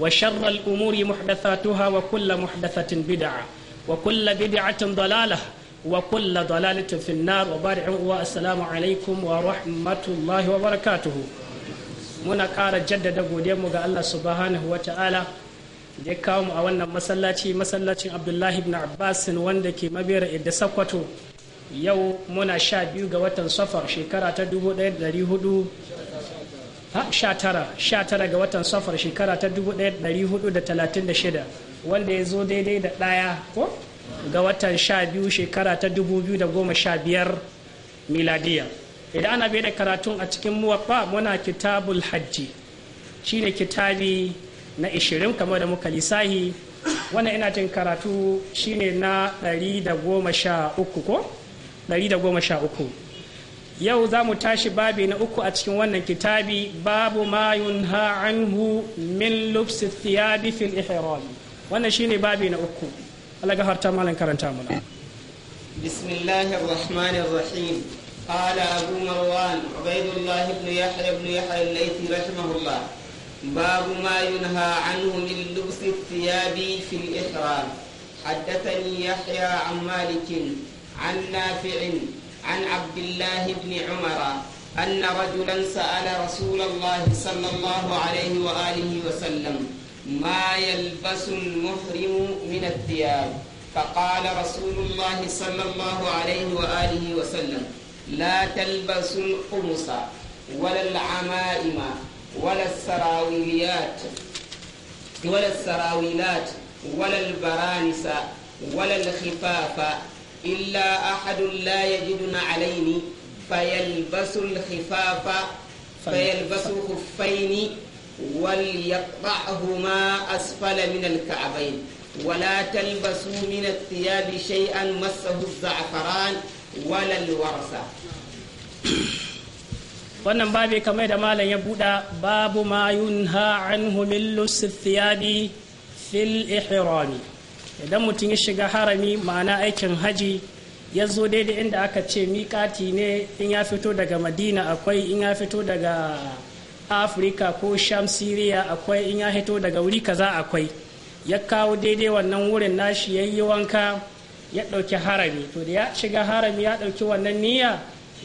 وشر الأمور محدثاتها وكل محدثة بدعة وكل بدعة ضلالة وكل ضلالة في النار وبارع والسلام عليكم ورحمة الله وبركاته muna ƙara jaddada godiyarmu ga Allah subhanahu wa ta'ala da ya kawo mu a wannan masallaci masallacin abdullahi ibn abbas wanda ke mabera da sakwato yau muna sha biyu ga watan safar shekara ta hudu. sha tara ga watan safar shekara ta 1436 wanda ya zo daidai da ɗaya ko ga watan sha biyu shekara ta 2015 miladiya idan ana bai da karatun a cikin muwaffa muna kitabul hajji shine kitabi na 20 kamar da muka lisahi wannan ina jin karatu shine na 113 ko 113 yau za mu tashi babi na uku a cikin wannan kitabi babu mayun ha anhu min lubsi thiyabi fil ihram wannan shine babi na uku Allah ga harta malam karanta muna bismillahir rahmanir rahim قال أبو مروان عبيد الله بن يحيى بن يحيى الليثي رحمه الله باب ما ينهى عنه من لبس الثياب في الإحرام حدثني يحيى عن مالك عن نافع عن عبد الله بن عمر أن رجلا سأل رسول الله صلى الله عليه وآله وسلم ما يلبس المحرم من الثياب فقال رسول الله صلى الله عليه وآله وسلم لا تلبس القمص ولا العمائم ولا السراويلات ولا السراويلات ولا البرانس ولا الخفاف إلا أحد لا يجد نعلين فيلبس الخفاف فيلبس الخفين وليقطعهما أسفل من الكعبين ولا تلبسوا من الثياب شيئا مسه الزعفران ولا الورثة wannan babi kamar da malam ya buɗa babu ma yunha anhu min lusi thiyabi fil ihrami idan mutum ya shiga harami ma'ana aikin haji ya zo daidai inda aka ce miƙati ne in ya fito daga madina akwai in ya fito daga afirka ko sham siriya akwai in ya fito daga wuri kaza akwai ya kawo daidai wannan wurin nashi ya yi wanka ya ɗauki harami to da ya shiga harami ya ɗauki wannan niyya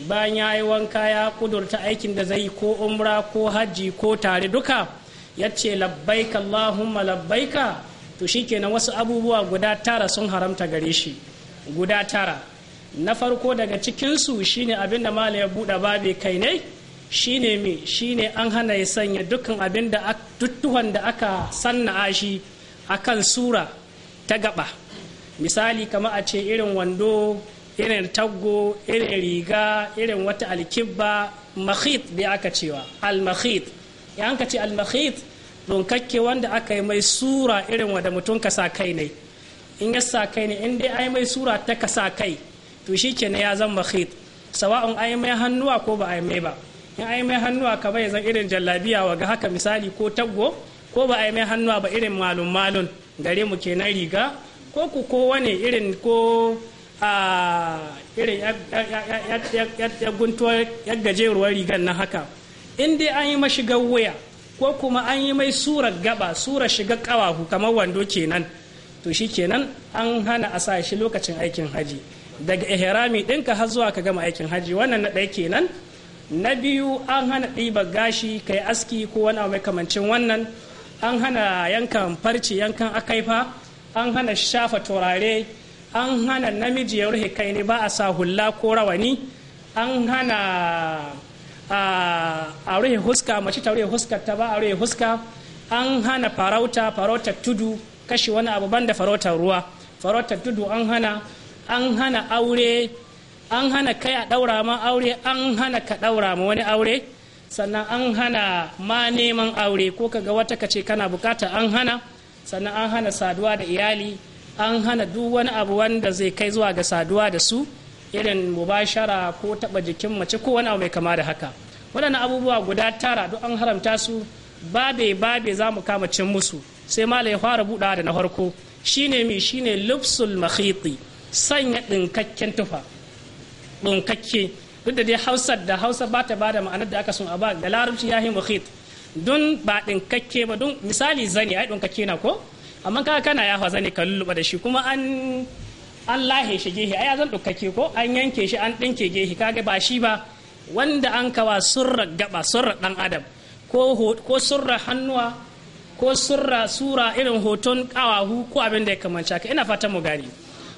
bayan ya yi wanka ya kudurta aikin da zai ko umra ko hajji ko tare duka ya ce labbaika allahumma labbaika to shi shikenan wasu abubuwa guda tara sun haramta gare shi guda tara na farko daga cikinsu shine abin da mala ya buɗe babe kai ne shine me shine an hana ya sanya dukkan abin da tuttuhan da aka sanna a akan sura ta gaba misali kama a ce irin wando irin taggo irin riga irin wata alkibba mahit da aka cewa al ya an ka ce al donkakke wanda aka yi mai sura irin da mutum ka sa kai ne in ya sa kai ne in dai ai mai sura ta ka sa kai to shi kenan ya zan makhit sawa'un ai mai hannuwa ko ba ai mai ba in ai mai hannuwa kamar ya zan irin jallabiya wa ga haka misali ko taggo ko ba ai mai hannuwa ba irin malum malun gare mu kenan riga ko ku ko wani irin ko a irin ya guntuwar ya gajeruwar rigar na haka in dai an yi mashigar wuya ko kuma an yi mai surar gaba surar shiga kawahu kamar wando kenan to shi kenan an hana a sa shi lokacin aikin haji daga ihrami ɗinka har zuwa ka gama aikin haji wannan na ɗaya kenan na biyu an hana ɗiba gashi kai aski ko wani abu makamancin wannan an hana yankan farci yankan akaifa an hana shafa turare an hana namiji ya rufe kai ne ba a sa hula ko rawani an hana a rufe huska mace ta rufe huskar ta ba a rufe huska an hana farauta farautar tudu kashe wani abu banda farautar ruwa farautar tudu an hana an hana aure an hana kai a ɗaura ma aure an hana ka ɗaura ma wani aure sannan an hana ma neman aure ko ka ga wata kace kana bukata an hana sannan an hana saduwa da iyali an hana duk wani abu wanda zai kai zuwa ga saduwa da su irin mubashara ko taba jikin mace ko wani abu mai kama da haka waɗannan abubuwa guda tara duk an haramta su babe babe za mu kama cin musu sai mala ya fara buɗa da na farko shine mi shine lubsul makhiti sanya ɗinkakken tufa ɗinkakke duk da dai hausar da hausa ba ta bada ma'anar da aka sun a ba da larabci ya yi makhit don ba ɗinkakke ba don misali zani ai ɗinkakke na ko amma kaga kana yafa zani ka lulluɓa da shi kuma an an lahe shi gehe ai zan ɗinkakke ko an yanke shi an ɗinke gehe kaga ba shi ba wanda an kawa surra gaba surra dan adam ko surra hannuwa ko surra sura irin hoton kawahu ko abin da ya kamanci haka ina fata mu gani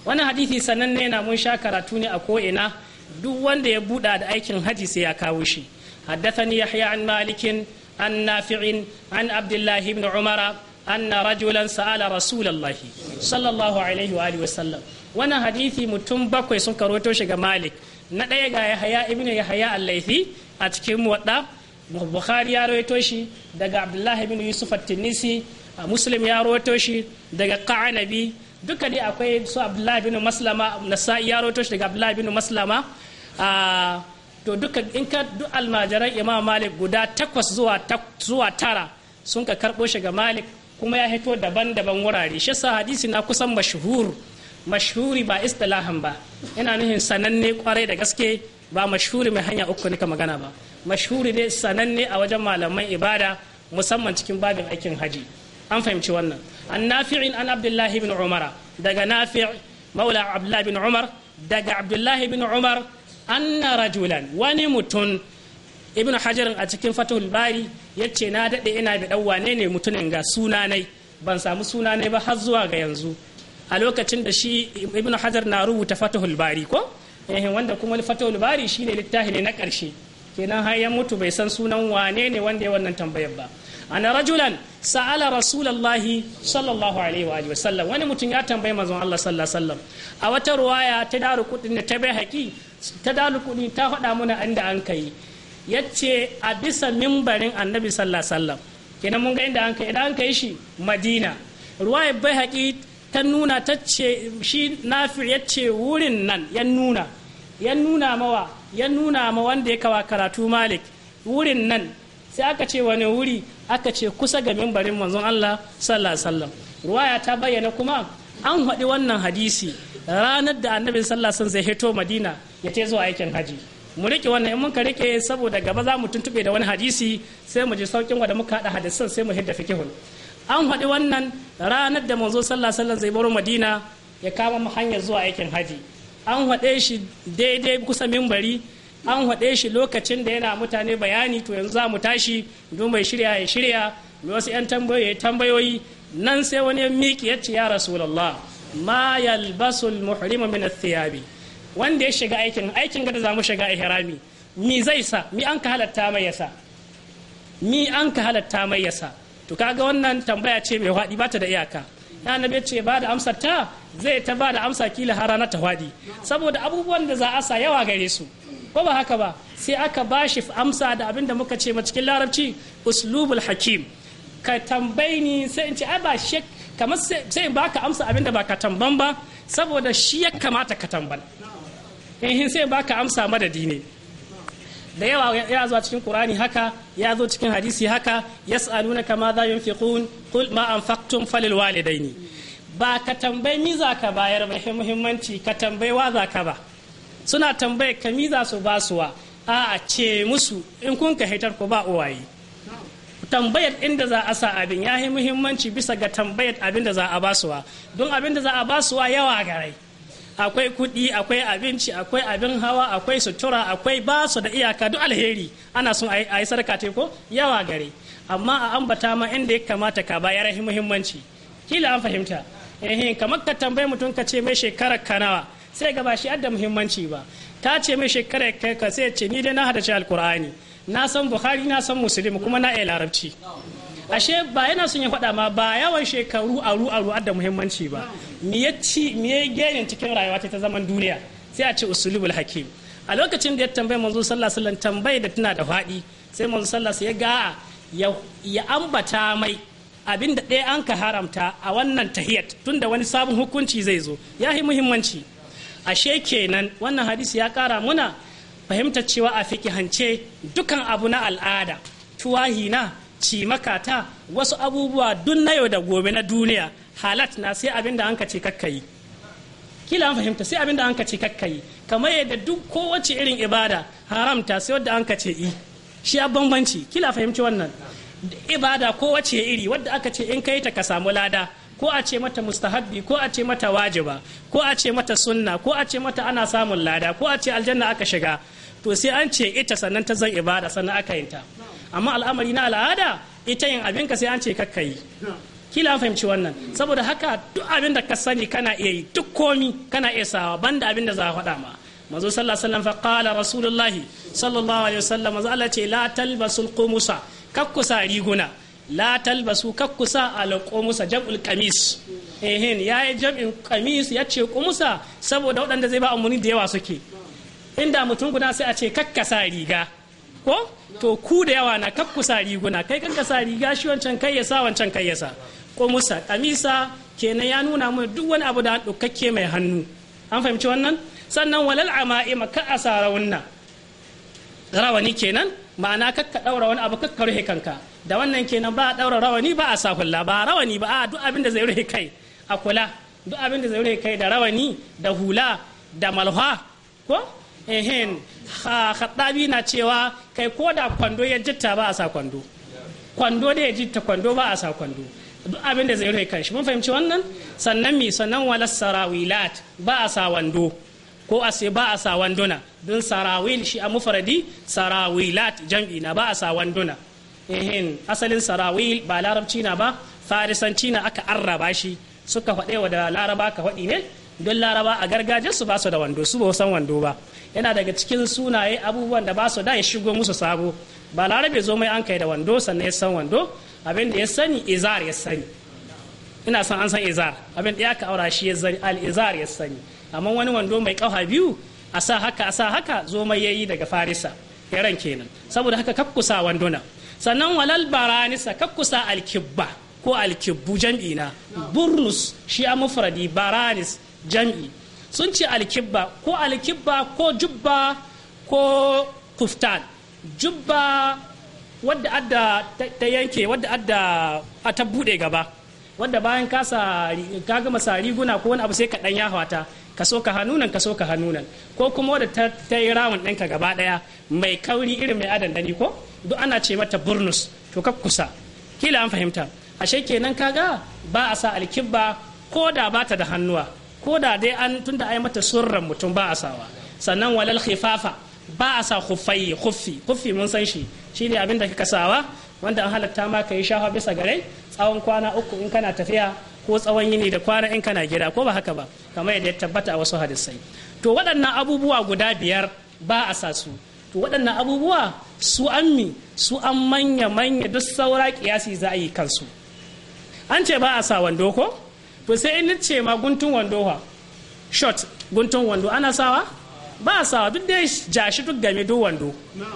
wannan hadisi sananne na mun sha karatu ne a ko ina duk wanda ya buɗa da aikin haji sai ya kawo shi haddathani yahya an malikin an nafi'in an abdullahi ibn umara anna rajulan sa'ala rasulallahi sallallahu alaihi wa alihi wa sallam wannan hadisi mutum bakwai sun karoto shi ga malik na ɗaya ga yahaya ibn yahaya al-laifi a cikin muwadda bukhari ya rawaito shi daga abdullahi ibn yusuf at-tinisi muslim ya rawaito shi daga qanabi duka dai akwai su abdullahi ibn maslama nasa'i ya rawaito shi daga abdullahi ibn maslama to duka in ka duk almajiran imam malik guda takwas zuwa zuwa tara sun ka karɓo shi ga malik kuma ya hito daban-daban wurare shi sa hadisi na kusan mashhur mashhuri ba istilahan ba ina nuhin sananne kwarai da gaske ba mashhuri mai hanya uku nika magana ba mashhuri ne sananne a wajen malaman ibada musamman cikin babin aikin haji an fahimci wannan an nafi'in an abdullahi bin umar daga nafi' maula abdullahi bin umar daga abdullahi bin umar anna rajulan wani mutum ibn hajar a cikin fatahul bari ya ce na daɗe ina bi ɗan wane ne mutumin ga sunanai ban samu sunanai ba har zuwa ga yanzu a lokacin da shi ibn hajar na rubuta fatahul bari ko wanda kuma fatahul bari shine littafi ne na karshe kenan har ya mutu bai san sunan wane ne wanda ya wannan tambayar ba ana rajulan sa'ala rasulullahi sallallahu alaihi wa sallam wani mutum ya tambayi manzon Allah sallallahu alaihi sallam a wata ruwaya ta daru kudin da ta bai haƙi ta daru kudin ta faɗa mana inda an kai yace a bisa mimbarin annabi sallallahu alaihi sallam kenan mun ga inda an kai idan an kai shi madina ruwaya bai haƙi ta nuna ta ce shi nafi ya ce wurin nan ya nuna ya nuna mawa ya nuna ma wanda ya kawa karatu malik wurin nan sai aka ce wani wuri aka ce kusa ga mimbarin manzon Allah sallallahu alaihi wasallam ruwaya ta bayyana kuma an haɗi wannan hadisi ranar da annabi sallallahu alaihi wasallam zai hito madina ya ta zuwa aikin haji mu rike wannan in muka rike saboda gaba za mu tuntube da wani hadisi sai mu ji saukin wanda muka haɗa hadisan sai mu hidda fikihun an haɗi wannan ranar da manzo sallah sallar zai baro madina ya kama mu hanyar zuwa aikin haji an haɗe shi daidai kusa mimbari an haɗe shi lokacin da yana mutane bayani to yanzu za mu tashi don mai shirya ya shirya mai wasu 'yan tambayoyi nan sai wani ya miƙi ya ce ya rasulullah ma yalbasul muhrimu min athiyabi wanda ya shiga aikin aikin gada za mu shiga ihrami mi zai sa mi an ka halatta mai yasa mi an ka halatta mai yasa to kaga wannan tambaya ce mai faɗi ba ta da iyaka ya annabi ce ba da amsar ta zai ta ba da amsa kila har ranar ta faɗi saboda abubuwan da za a sa yawa gare su ko ba haka ba sai aka ba shi amsa da abin da muka ce ma cikin larabci uslubul hakim ka tambayi ni sai in ce ai ba shek kamar sai in baka amsa abin da ba ka tamban ba saboda shi ya kamata ka tamban eh, in sai baka amsa madadi ne da yawa ya zuwa cikin qur'ani haka ya zo cikin hadisi haka yas'aluna kama za yunfiqun qul ma anfaqtum falil walidaini ba ka tambayi mi za ka bayar mai muhimmanci ka tambayi wa za ka ba suna tambaye ka mi za su basuwa a a ce musu in kun ka hitar ku ba uwaye tambayar inda za a sa abin ya yi muhimmanci bisa ga tambayar abin da za a basuwa don abin da za a basuwa yawa garai akwai kuɗi akwai abinci akwai abin hawa akwai sutura akwai basu da iyaka duk alheri ana son a yi sarka ko yawa gare amma a ambata ma inda ya kamata ka ba ya rahi muhimmanci kila an fahimta eh kamar ka tambayi mutum ka ce mai shekarar kanawa sai ga ba shi adda muhimmanci ba ta ce mai shekarar ka sai ce ni dai na hada alkur'ani na san bukhari na san muslim kuma na iya larabci ashe ba yana son ya faɗa ma ba yawan shekaru aru aru da muhimmanci ba me ya ci me ya gane cikin rayuwa ta zaman duniya sai a ce usulubul hakim a lokacin da ya tambaye manzo sallallahu alaihi wasallam tambaye da tana da faɗi sai manzo sallallahu ya ga ya ambata mai abin da ɗaya an ka haramta a wannan tahiyat da wani sabon hukunci zai zo ya yi muhimmanci ashe kenan wannan hadisi ya kara muna fahimtar cewa a fikihance dukan abu na al'ada tuwahi na ta wasu abubuwa duk na yau da gobe na duniya halat na sai abin an ka ce kakkayi kila an fahimta sai abin an ka ce kakkayi kamar yadda duk kowace irin ibada haramta sai wadda an ka ce yi shi a bambanci kila fahimci wannan ibada kowace iri wadda aka ce in kai ta ka samu lada ko a ce mata mustahabbi ko a ce mata wajiba ko a ce mata sunna ko a ce mata ana samun lada ko a ce aljanna aka shiga to sai an ce ita sannan ta zan ibada sannan aka yinta amma al'amari na al'ada ita yin abin ka sai an ce kakka yi kila an fahimci wannan saboda haka duk abin da ka sani kana iya yi duk komi kana iya sawa banda abin da za a faɗa ma manzo sallallahu alaihi wasallam fa qala rasulullahi sallallahu alaihi wasallam manzo Allah ce la talbasul qumusa kakkusa riguna la talbasu kakkusa al qumusa jam'ul qamis ehin yayi jam'in qamis yace qumusa saboda wadanda zai ba amuni da yawa suke inda mutum guda sai a ce kakkasa riga ko to ku da yawa na kakku sa riguna kai kanka sa riga shi wancan kai ya sa wancan kai ya sa musa kamisa kenan ya nuna mana duk wani abu da dukakke mai hannu an fahimci wannan sannan walal ama'ima ka asarawunna rawani kenan ma'ana kakka daura wani abu kakka ruhe kanka da wannan kenan ba a daura rawani ba a safulla ba rawani ba a duk abin da zai ruhe kai a kula duk abin da zai ruhe kai da rawani da hula da malha ko ehen haɗabi na cewa kai ko da kwando ya jitta ba a sa kwando kwando da ya jitta kwando ba a sa kwando duk abin da zai rai kanshi mun fahimci wannan sannan mi sannan wala sarawilat ba a sa wando ko a sai ba a sa wanduna don sarawil shi a mufaradi sarawilat jam'i na ba a sa wanduna ehin asalin sarawil ba larabci na ba farisanci na aka arraba shi suka faɗe da laraba ka faɗi ne don laraba a gargajiyarsu ba su da wando su ba san wando ba yana daga cikin sunaye abubuwan da ba su da ya shigo musu sabo ba larabe zo mai an kai da wando sannan ya san wando abin da ya sani izar ya sani ina san an san izar abin da ya ka aura shi ya zani al izar ya sani amma wani wando mai kafa biyu a sa haka a sa haka zo mai yayi daga farisa yaran kenan saboda haka kakkusa na sannan walal baranisa kakkusa alkibba ko alkibbu jam'i na burnus shi a mufradi baranis jam'i sun ce alkibba ko alkibba ko jubba ko kuftan jubba wadda adda ta yanke wadda adda ta bude gaba wadda bayan ka gama sa riguna ko wani abu sai ka dan ya hawata ka so ka hannunan ka so ka hannunan ko kuma wadda ta, ta yi rawun ɗanka gaba daya mai kauri irin mai adan dani ko duk ana ce mata burnus to ka kusa kila an fahimta ashe kenan kaga ba a sa alkibba ko da ba ta da hannuwa ko da dai an tunda ai mata surran mutum ba a sawa sannan walal khifafa ba a sa khuffayi khuffi khuffi mun san shi shine abin da kika sawa wanda an halatta ma kai shafa bisa gare tsawon kwana uku in kana tafiya ko tsawon yini da kwana in kana gida ko ba haka ba kamar yadda ya tabbata a wasu hadisai to waɗannan abubuwa guda biyar ba a sa su to waɗannan abubuwa su an mi su an manya manya duk saura kiyasi za a yi kansu an ce ba a sa wando ko to sai in ce ma guntun wando ha short guntun wando ana sawa ba sawa duk dai ja shi duk game duk wando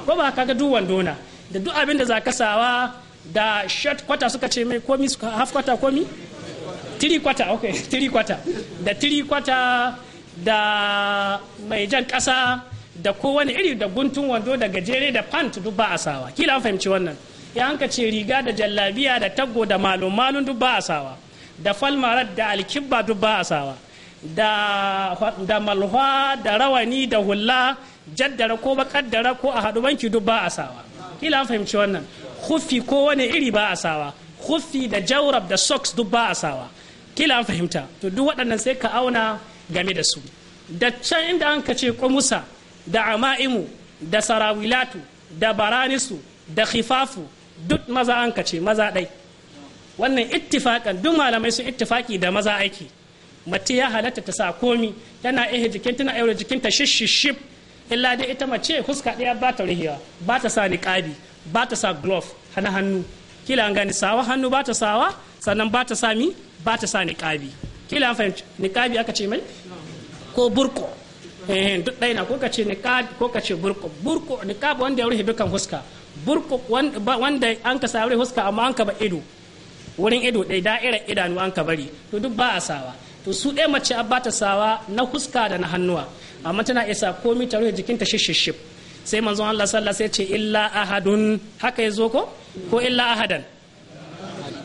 ko ba kaga duk wando na da duk abin da za ka sawa da short kwata suka ce mai komi suka half kwata komi tiri kwata ok tiri kwata da tiri kwata da mai jan kasa da kowane iri da guntun wando da gajere da pant duk ba a sawa kila an fahimci wannan ya hanka ce riga da jallabiya da taggo da malum malum duk ba a sawa da falmarar da alkibba duk ba a sawa da malhwa da rawani da hula jaddara ko bakaddara ko a haɗu banki duk ba a sawa kila an fahimci wannan huffi ko wani iri ba a sawa huffi da jaurab da socks duk ba a sawa kila an fahimta to duk waɗannan sai ka auna game da su da can inda an ka ce kwamusa da ama'imu da sarawilatu da baranisu da khifafu duk maza an ka ce maza ɗai wannan ittifakan duk malamai sun ittifaki da maza aiki mace ya halatta ta sa komi tana ihe jikin tana aure jikin ta shishishif illa dai ita mace fuska ɗaya ba ta rihiya ba ta sa niqabi ba ta sa glove hana hannu kila an gani sawa hannu ba ta sawa sannan ba ta sa mi ba ta sa niqabi kila an fahimci niqabi aka ce mai ko burko eh duk ɗaya na ko ka ce niqabi ko ka ce burko burko niqabi wanda ya rihi dukan fuska burko wanda an ka sa rihi fuska amma an ka ba ido wurin ido ɗaya da'irar idanu an ka bari to duk ba a sawa to su ɗaya mace a bata sawa na huska da na hannuwa amma tana isa komi ta rufe jikinta shishishif sai manzon Allah wasallam sai ce illa ahadun haka ya ko ko illa ahadan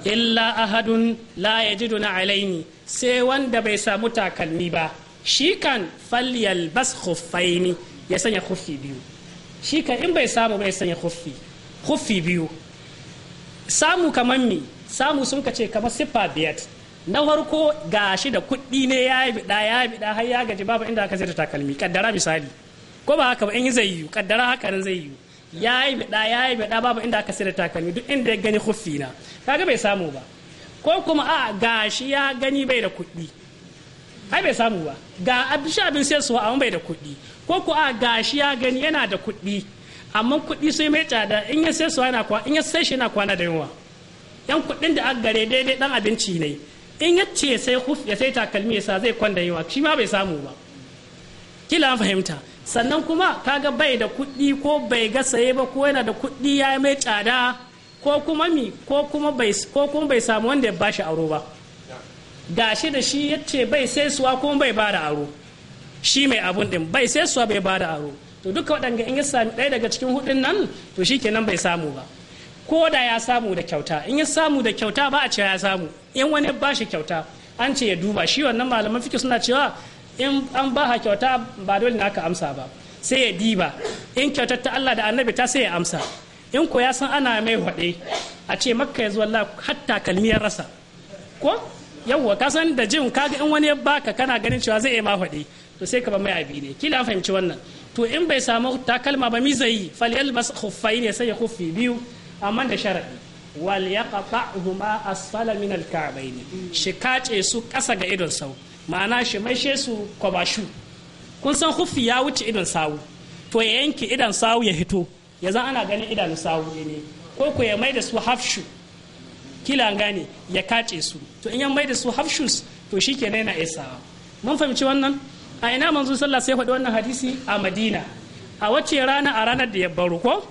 illa ahadun la yajidu na alaini sai wanda bai samu takalmi ba shi kan falyal bas khuffaini ya sanya khuffi biyu shi kan in bai samu bai sanya khuffi khuffi biyu samu kamar mi samu sun ka ce kamar siffa biyat na farko shi da kuɗi ne ya yi biɗa ya yi biɗa har ya gaji babu inda aka zai da takalmi kaddara misali ko ba haka ba in zai yiwu kaddara haka nan zai yiwu ya yi biɗa ya yi biɗa babu inda aka sai da takalmi duk inda ya gani kuffi na kaga bai samu ba ko kuma a ga shi ya gani bai da kuɗi ai bai samu ba ga shi abin sai suwa amma bai da kuɗi ko ko a ga shi ya gani yana da kuɗi amma kuɗi sai mai tsada in ya sai su yana in ya sai shi yana kwana da yunwa yan kuɗin da aka gare daidai dan abinci ne in ya ce sai huf ya sai takalmi ya sa zai kwanda yawa shi ma bai samu ba kila fahimta sannan kuma ka ga bai da kuɗi ko bai ga saye ba ko yana da kuɗi ya yi mai tsada ko kuma mi ko kuma bai ko kuma bai samu wanda ya bashi aro ba gashi da shi ya ce bai sai suwa ko bai bada aro shi mai abun din bai sai suwa bai bada aro to duka waɗanda in ya sami ɗaya daga cikin hudun nan to shi kenan bai samu ba ko da ya samu da kyauta in ya samu da kyauta ba a cewa ya samu in wani ba shi kyauta an ce ya duba shi wannan malaman fiki suna cewa in an ba ha kyauta ba dole na ka amsa ba sai ya diba in kyautar ta Allah da annabi ta sai ya amsa in ko ya san ana mai hwaɗe a ce makka ya zuwa hatta kalmiyar rasa ko yawwa ka san da jin kaga in wani ya baka kana ganin cewa zai ma waɗe to sai ka ba mai abi ne kila an fahimci wannan to in bai samu takalma ba mi zai yi fal yalbas khuffayn ya sai ya khuffi biyu amman da sharadi wal huma asfala min al shi kace su kasa ga idon sau ma'ana shi maishe su kwabashu kun san hufi ya wuce idon sawu to ya yanke idon sawu ya hito ya zan ana ganin idanun sawu ne ko ku ya maida su hafshu kila gane ya kace su to in ya maida su hafshus to shi ke yana isawa mun fahimci wannan a ina manzo sallah sai faɗi wannan hadisi a madina a wacce rana a ranar da ya baro ko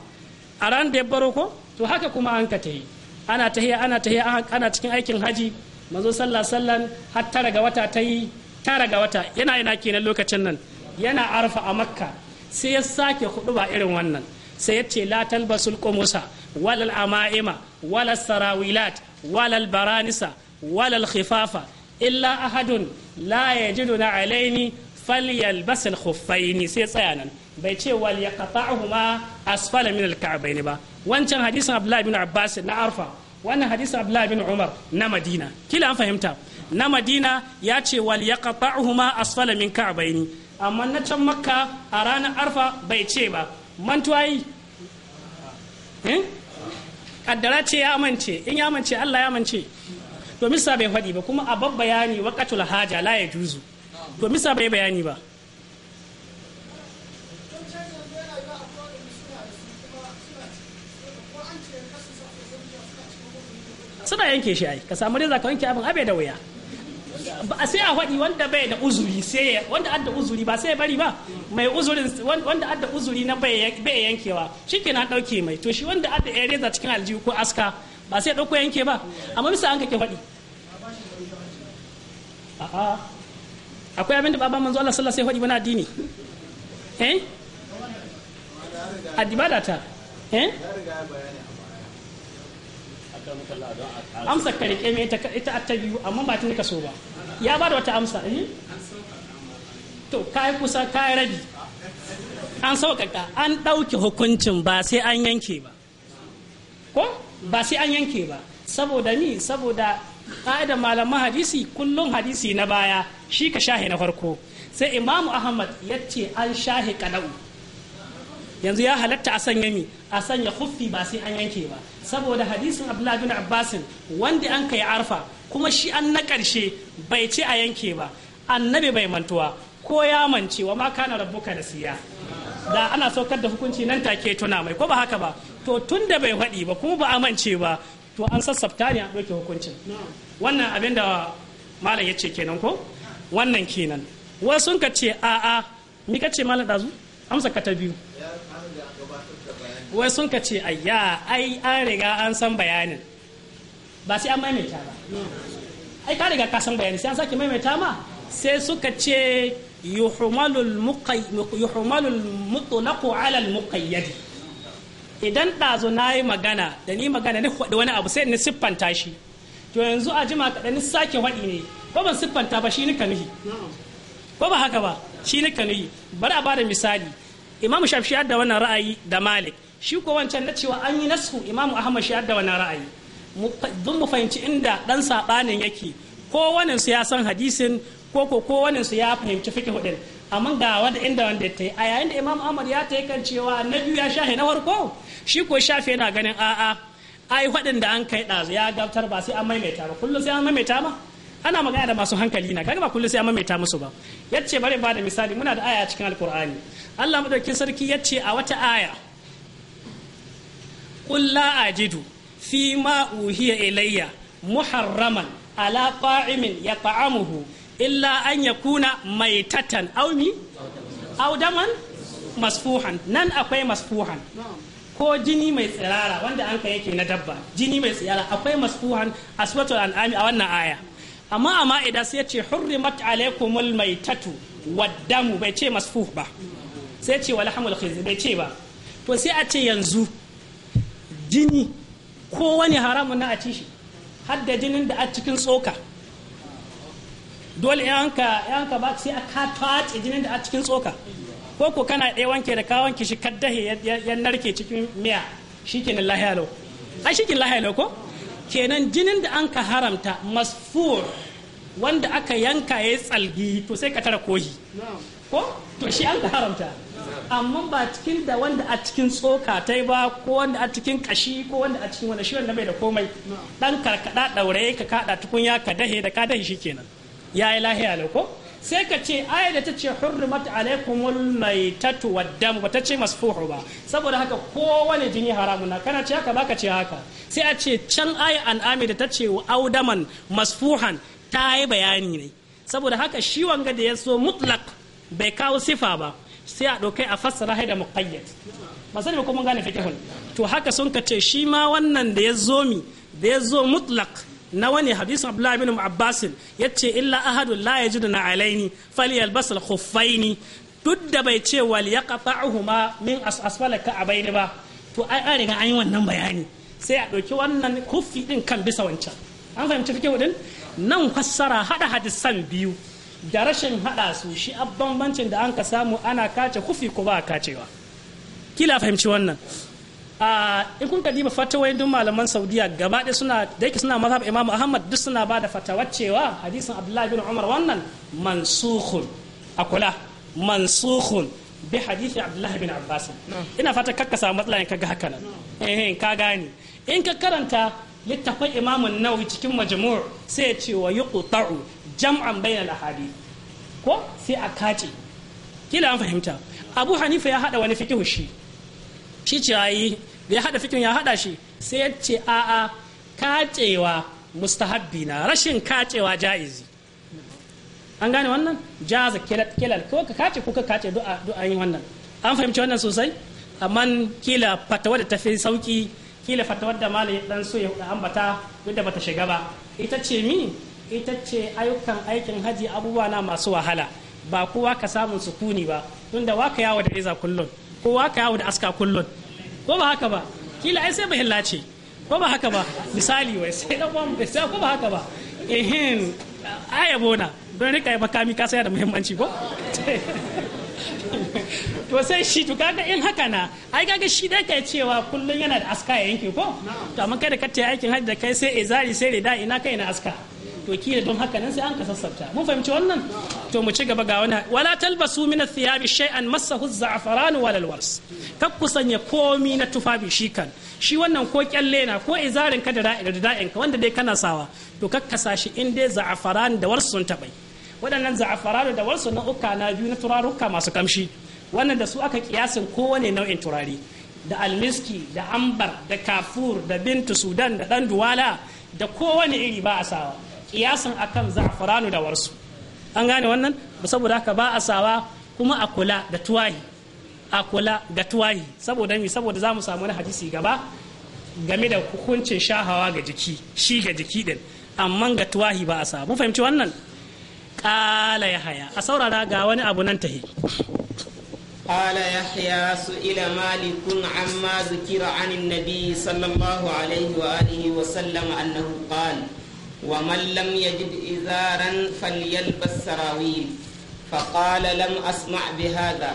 a ranar da ya baro ko to haka kuma an ka yi ana tahiya ana tahiya ana cikin aikin haji manzo sallah sallan har tara ga wata ta yi tara ga wata yana yana kenan lokacin nan yana arfa a makka sai ya sake hudu ba irin wannan sai ya ce la talbasul qumusa walal ama'ima walal sarawilat walal baranisa walal khifafa illa ahadun la yajiduna alaini falyalbas al-khuffaini sai tsaya nan bai ce wal yaqta'uhuma asfala min al-ka'bayn ba wancan hadisin Abdullahi bin Abbas na Arfa wannan hadisin Abdullahi bin Umar na Madina kila an fahimta na Madina ya ce wal yaqta'uhuma asfala min ka'bayn amma na can Makka a ranar Arfa bai ce ba mantuwayi eh kaddara ce ya amince in ya amince Allah ya amince to misa bai faɗi ba kuma a babbayani waqatul haja la ya juzu to misa bai bayani ba suna yanke shi ai ka samu reza ka wanke abin abe da wuya ba sai a faɗi wanda bai da uzuri sai wanda adda uzuri ba sai bari ba mai uzurin wanda adda uzuri na bai yankewa shikenan dauke mai to shi wanda adda ya reza cikin aljihu ko aska ba sai dauko yanke ba amma bisa an ka faɗi a'a akwai abin da ba manzo Allah sallallahu alaihi wasallam bana addini eh adibada ta eh amsa ka rike mai ita ita ta biyu amma ba tun ka so ba ya ba da wata amsa eh to kai kusa kai rabi an sauƙaƙa an ɗauke hukuncin ba sai an yanke ba ko ba sai an yanke ba saboda ni saboda ka'idar malaman hadisi kullum hadisi na baya shi ka shahi na farko sai imamu ahmad ya ce an shahi kadau yanzu ya halatta a sanya mi a sanya huffi ba sai an yanke ba saboda hadisin abdullahi bin abbasin wanda an kai arfa kuma shi an na karshe bai ce a yanke ba annabi bai mantuwa ko ya mance wa ma kana rabbuka da siya da ana saukar da hukunci nan take tuna mai ko ba haka ba to tun da bai faɗi ba kuma ba a amince ba to an sassafta ne a ɗauke hukuncin wannan abin da malam ya ce kenan ko wannan kenan wasu sun ka ce a'a ni ka ce malam ɗazu amsa ka ta biyu wai sun ka ce ayya ai an riga an san bayanin ba sai an maimaita ba ai ka riga ka san bayanin sai an sake maimaita ma sai suka ce yuhumalul mutlaqu ala al muqayyad idan ɗazu na yi magana da ni magana ni faɗi wani abu sai ni siffanta shi to yanzu a jima kaɗan ni sake faɗi ne ko ban siffanta ba shi ni ka nuhi ko ba haka ba shi ni ka nuhi bari a bada misali imamu shafi da wannan ra'ayi da malik shi ko wancan na cewa an yi nasu imamu ahmad shi da wannan ra'ayi don mu fahimci inda ɗan saɓanin yake ko wannan su ya san hadisin ko ko ko su ya fahimci fiqh huɗin. amma ga wanda inda wanda ta yi a yayin da imam ahmad ya ta kan cewa na biyu ya shafe na farko shi ko shafe yana ganin a'a ai faɗin da an kai ɗazu ya gabtar ba sai an maimaita ba kullum sai an maimaita ma ana magana da masu hankali na kaga ba kullum sai an maimaita musu ba yace bari ba da misali muna da aya a cikin alkur'ani Allah madauki sarki yace a wata aya qul la ajidu fi ma uhiya ilayya muharraman ala qa'imin yata'amuhu illa an ya kuna mai tatan aumi audaman masfuhan nan akwai masfuhan ko jini mai tsirara wanda an yake na dabba jini mai tsirara akwai masfuhan aswatul al'ami a wannan aya amma amma idan sai ce hurrimat alaikumul maitatu waddamu bai ce masfuh ba sai ce wal hamul khizr bai ce ba to sai a ce yanzu jini ko wani haramun na a ci shi jinin da a cikin tsoka dole yanka ka ba sai a ka tace jinin da a cikin tsoka ko ko kana da wanke da ka wanke shi kaddahe ya narke cikin miya shikin lahiya lau shi shikin lahiya lau ko kenan jinin da an ka haramta masfur wanda aka yanka ya tsalgi to sai ka tara kohi ko to shi an ka haramta amma ba cikin da wanda a cikin tsoka ta ba ko wanda a cikin kashi ko wanda a cikin wanda shi wanda bai da komai dan karkada daure ka kada tukunya ka dahe da ka dahe kenan. ya yi lahiya ne ko sai ka ce aya da ta ce hurrimat alaikumul maitatu waddam ba ta ce masfuhu ba saboda haka kowane jini haramun na kana ce haka baka ce haka sai a ce can an an'ami da ta ce wa audaman masfuhan ta yi bayani ne saboda haka shi wanga da ya so mutlak bai kawo sifa ba sai a ɗaukai a fassara haida muqayyad ba sani ba kuma gane fiqhun to haka sun ka ce shi ma wannan da ya zo mi da ya zo mutlak nawa ne hadisin abdullahi bin abbas yace illa ahadun la yajiduna alaini fali al-khuffaini duk da bai ce wal yaqta'uhuma min asfala ka'abaini ba to ai an riga an yi wannan bayani sai a ɗauki wannan kuffi din kan bisa wancan an fahimci fike din nan fassara hada hadisan biyu da rashin hada su shi bambancin da an ka samu ana kace kufi ko ba kacewa kila fahimci wannan in kun kadiba fatawayin duk malaman saudiya gaba ɗaya suna da yake suna mazhab imamu ahmad duk suna ba da fatawar cewa hadisin abdullahi bin umar wannan mansukhun a kula mansukhun bi hadisi abdullahi bin abbas ina fata kakka samu matsala in kaga haka nan eh ka gane in ka karanta littafin imamun nawawi cikin majmu' sai ya ce wa yuqta'u jam'an bainal ahadith ko sai a kace kila an fahimta abu hanifa ya hada wani fikihu shi shi ce ayi da ya hada fikin ya hada shi sai ya ce a'a kacewa mustahabbi na rashin kacewa ja'izi an gane wannan jaza kilal ko ka kace ko ka kace du'a yin wannan an fahimci wannan sosai amma kila fatawa da tafi sauki kila fatawa da malai dan so ya ambata duk da bata shiga ba ita ce mi ita ce ayyukan aikin haji abubuwa na masu wahala ba kowa ka samun sukuni ba tunda waka yawo da iza kullun kowa ka yawo da aska kullun ko ba haka ba kila ai sai mahilla ce ko ba haka ba misali wai sai dan uwan sai ko ba haka ba ehin aya bona don rika makami ka saya da muhimmanci ko to sai shi to kaga in haka na ai kaga shi da kai cewa kullun yana da aska ya yanke ko to amma kai da ka aikin hajji da kai sai izari sai rida ina kai na aska to ne don haka nan sai an ka sassafta mun fahimci wannan to mu ci gaba ga wani wala talbasu min athiyabi shay'an massahu az-za'faran wal alwars kak sanya komi na tufafi shi kan shi wannan ko kyalle na ko izarin ka da da'in ka wanda dai kana sawa to kak ka shi in dai za'faran da sun tabai waɗannan za'faran da warsun na uka na biyu na turaruka masu kamshi wannan da su aka kiyasin kowane nau'in turare da almiski da ambar da kafur da bintu sudan da dan duwala da kowane iri ba a sawa kiyasin akan za'faranu da warsu an gane wannan ba saboda haka ba a sawa kuma a kula da tuwahi a kula da tuwahi saboda mi saboda za mu samu wani hadisi gaba game da hukuncin shahawa ga jiki shi ga jiki din amma ga tuwahi ba a sawa mu fahimci wannan kala ya haya a saurara ga wani abu nan tahi قال يحيى سئل مالك عما ذكر عن النبي صلى الله عليه وآله وسلم أنه قال ومن لم يجد إزارا فليلبس سراويل فقال لم أسمع بهذا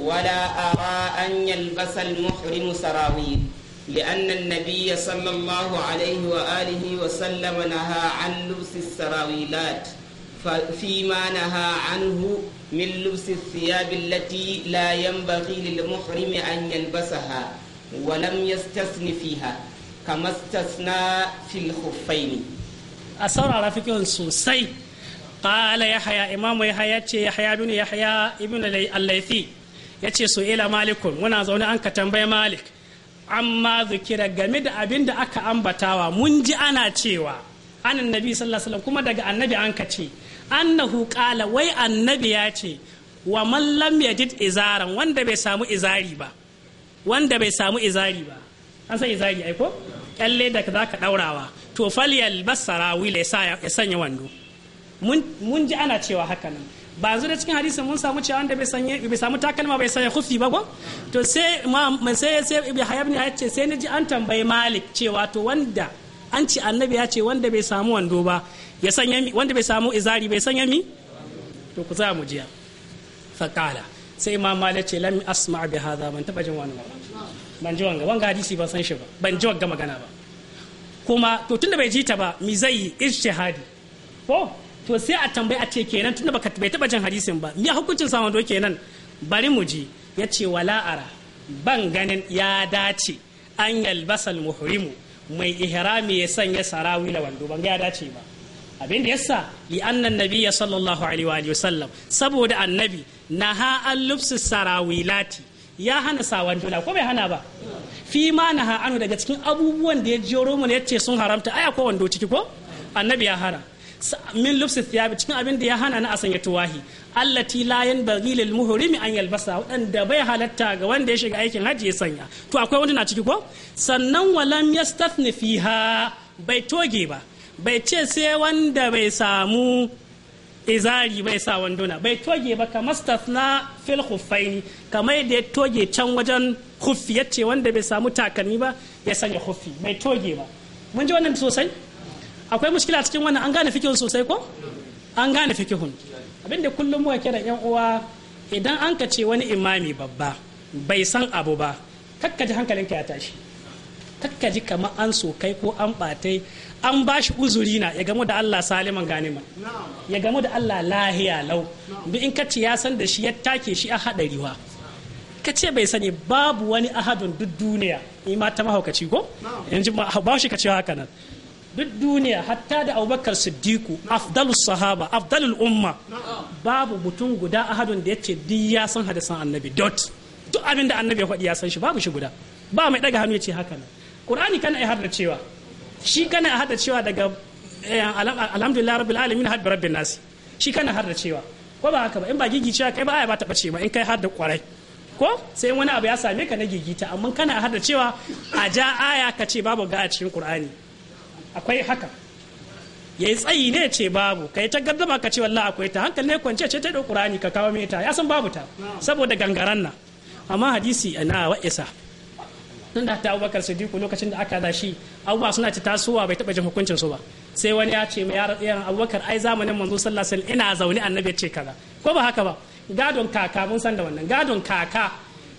ولا أرى أن يلبس المحرم سراويل لأن النبي صلى الله عليه وآله وسلم نهى عن لبس السراويلات فيما نهى عنه من لبس الثياب التي لا ينبغي للمحرم أن يلبسها ولم يستثن فيها كما استثنى في الخفين a saurara fikihun sosai ya haya imamu haya ce ya yahya bin haya ibn al ya ce su ila malikun muna zaune an ka tambaye malik amma zukira game da abin da aka ambatawa mun ji ana cewa an nabi sallallahu alaihi wasallam kuma daga annabi an ka ce annahu qala wai annabi ya ce wa man lam yajid izaran wanda bai samu izari ba wanda bai samu izari ba an san izari ai ko kyalle da za ka daurawa to faliyal basara wile ya sanya wando mun ji ana cewa haka nan ba zu da cikin hadisi mun samu cewa wanda bai sanya samu takalma bai sanya kufi ba ko to sai ma sai sai ibi hayab ne ce sai naji an tambayi malik cewa to wanda an ci annabi ya ce wanda bai samu wando ba ya sanya mi wanda bai samu izari bai sanya mi to ku za mu jiya faqala sai ma malik ce lam asma bi hadha ban taba jin wannan ban ji wanga wanga hadisi ba san shi ba ban ji wanga magana ba kuma to tunda bai ji ta ba mi zai yi ijtihadi ko to sai a tambayi a ce kenan tunda baka bai taba jin hadisin ba mi hukuncin sa wando kenan bari mu ji yace ce wala ara ban ganin ya dace an yalbasal muhrimu mai ihrami ya sanya sarawi wando ban ga ya dace ba abin da yasa li annan nabiyya sallallahu alaihi wa sallam saboda annabi naha an lubsu sarawilati ya hana sawan juna ko bai hana ba fi ma na ha'anu daga cikin abubuwan da ya jiyo roman ya ce sun haramta aya ko wando ciki ko annabi ya hana min ya thiyabi cikin abin da ya hana na sanya tuwahi allati la yanbaghi lil muhrimi an yalbasa waɗanda bai halatta ga wanda ya shiga aikin hajji ya sanya to akwai wanda na ciki ko sannan walam yastathni fiha bai toge ba bai ce sai wanda bai samu izari bai sa wanduna bai toge ba ka mastaf na fil hufaini kamar da ya toge can wajen ya ce wanda bai samu takalmi ba ya sanya hufi bai toge ba mun ji wannan sosai akwai mushkila cikin wannan an gane fikihun sosai ko an gane fikihun abinda kullum muka kira yan uwa idan an ka ce wani imami babba bai san abu ba kakkaji hankalinka ya tashi kakka ji kamar an sokai ko an batai an ba shi uzuri na ya gamu da Allah saliman ma ya gamu da Allah lahiya lau duk in kace ya san da shi ya take shi a hadari wa ka ce bai sani babu wani ahadun duk duniya in ma ta mahaukaci ko yanzu ba shi ka ce haka nan duk duniya hatta da abubakar siddiku afdalus sahaba afdalul umma babu mutum guda ahadun da ya ce duk ya san hadisan annabi dot duk abin da annabi ya faɗi ya san shi babu shi guda ba mai daga hannu ya ce haka nan qur'ani kana ai hada cewa shi kana ya hada cewa daga eh, alhamdulillah rabbil alamin hadda rabbin nas shi kana hada cewa ko ba haka ba in ba gigi kai ba aya ba ta bace ba in kai hada kwarai ko sai wani abu ya same ka na gigita amma kana hada cewa a ja aya ka ce babu ga a cikin qur'ani akwai haka ya yi tsayi ne ce babu ka yi ta gaddama ka ce walla akwai ta hankali ne kwance ce ta da ƙur'ani ka kawo ta ya san babu ta saboda gangaran nan amma hadisi na wa'isa tun da ta abubakar siddiqu lokacin da aka dashi abubuwa suna ci tasowa bai taba jin hukuncin su ba sai wani ya ce mai yaran abubakar ai zamanin manzo sallallahu alaihi wasallam ina zaune annabi ya ce kaza ko ba haka ba gadon kaka mun san da wannan gadon kaka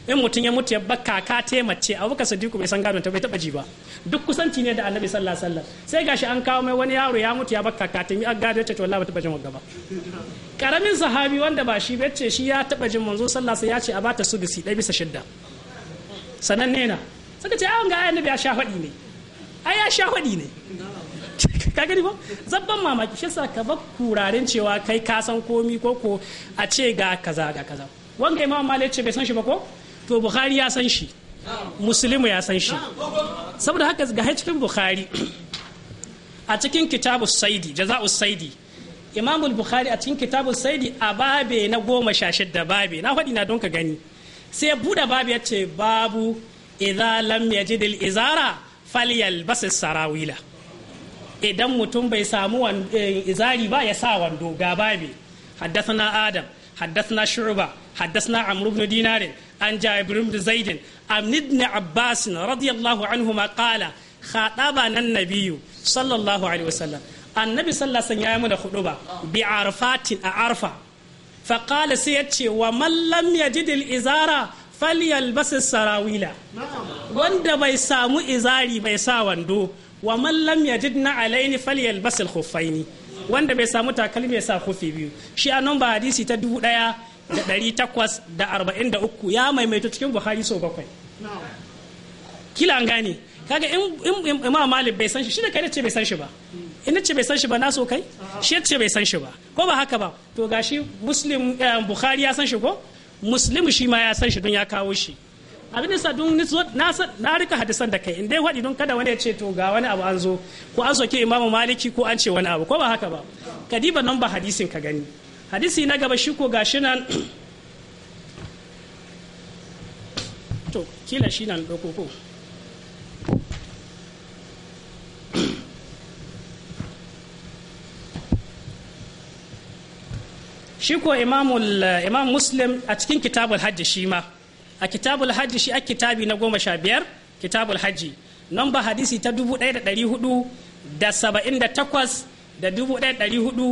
in mutum ya mutu ya ba kaka ta mace abubakar siddiqu bai san gadon ta bai taba ji ba duk kusanci ne da annabi sallallahu alaihi wasallam sai gashi an kawo mai wani yaro ya mutu ya ba kaka ta mi an gado ta to wallahi ba taba jin wagga ba karamin sahabi wanda ba shi bai ce shi ya taba jin manzo sallallahu alaihi wasallam ya ce a bata su dai bisa shidda ne na suka ce ah, an ga annabi ya sha faɗi ne ai ya sha faɗi ne ka gani ba zabban mamaki shi ka ba kuraren cewa kai ka san komi ko ko a ce ga kaza ga kaza wanga imam malik ce bai san shi ba ko to bukhari ya san shi muslimu ya san shi saboda haka ga cikin bukhari a cikin kitabu saidi jaza'u saidi imam bukhari a cikin kitabu saidi a babe na goma sha shidda babe na faɗi na don ka gani sai ya buɗe babu ya ce babu idza lam yajidil izara falyalbas sarawila idan mutum bai samu izari ba ya sa wando ga babi haddathana adam haddathana shu'ba haddathana amr ibn dinar an jabir ibn zaid an ibn abbas radiyallahu ma qala khatabana an-nabiy sallallahu alaihi wasallam annabi sallallahu alaihi wasallam ya yi mana ba bi arfatin a arfa fa qala sai yace wa man lam yajid al-izara faliyal basu sarawila wanda bai samu izari bai sa wando wa mallam ya jid na alaini faliyal basu khuffaini wanda bai samu takalmi ya sa kufi biyu shi a nan ba hadisi ta dubu daya da dari takwas da arba'in da uku ya maimaito cikin buhari sau bakwai kila an gane kaga in imam malik bai san shi shi da kai ce bai san shi ba in ce bai san shi ba na so kai shi ce bai san shi ba ko ba haka ba to gashi muslim bukhari ya san shi ko musulmi shi ma ya san shi don ya kawo shi abin da don na rika hadisan da kai in dai faɗi don kada wani ya ce to ga wani abu an zo ko an soke imamu maliki ko an ce wani abu ko ba haka ba kadiba nan ba hadisin ka gani hadisi na gaba shi ko gashi nan to kila shi nan ɗauko ko shi ko eh, imam muslim a cikin kitabul hajji shi ma a kitabul hajji shi a kitabi na goma sha biyar kitabul hajji nan ba hadisi ta dubu ɗaya da ɗari hudu da saba'in da takwas da dubu ɗaya da ɗari hudu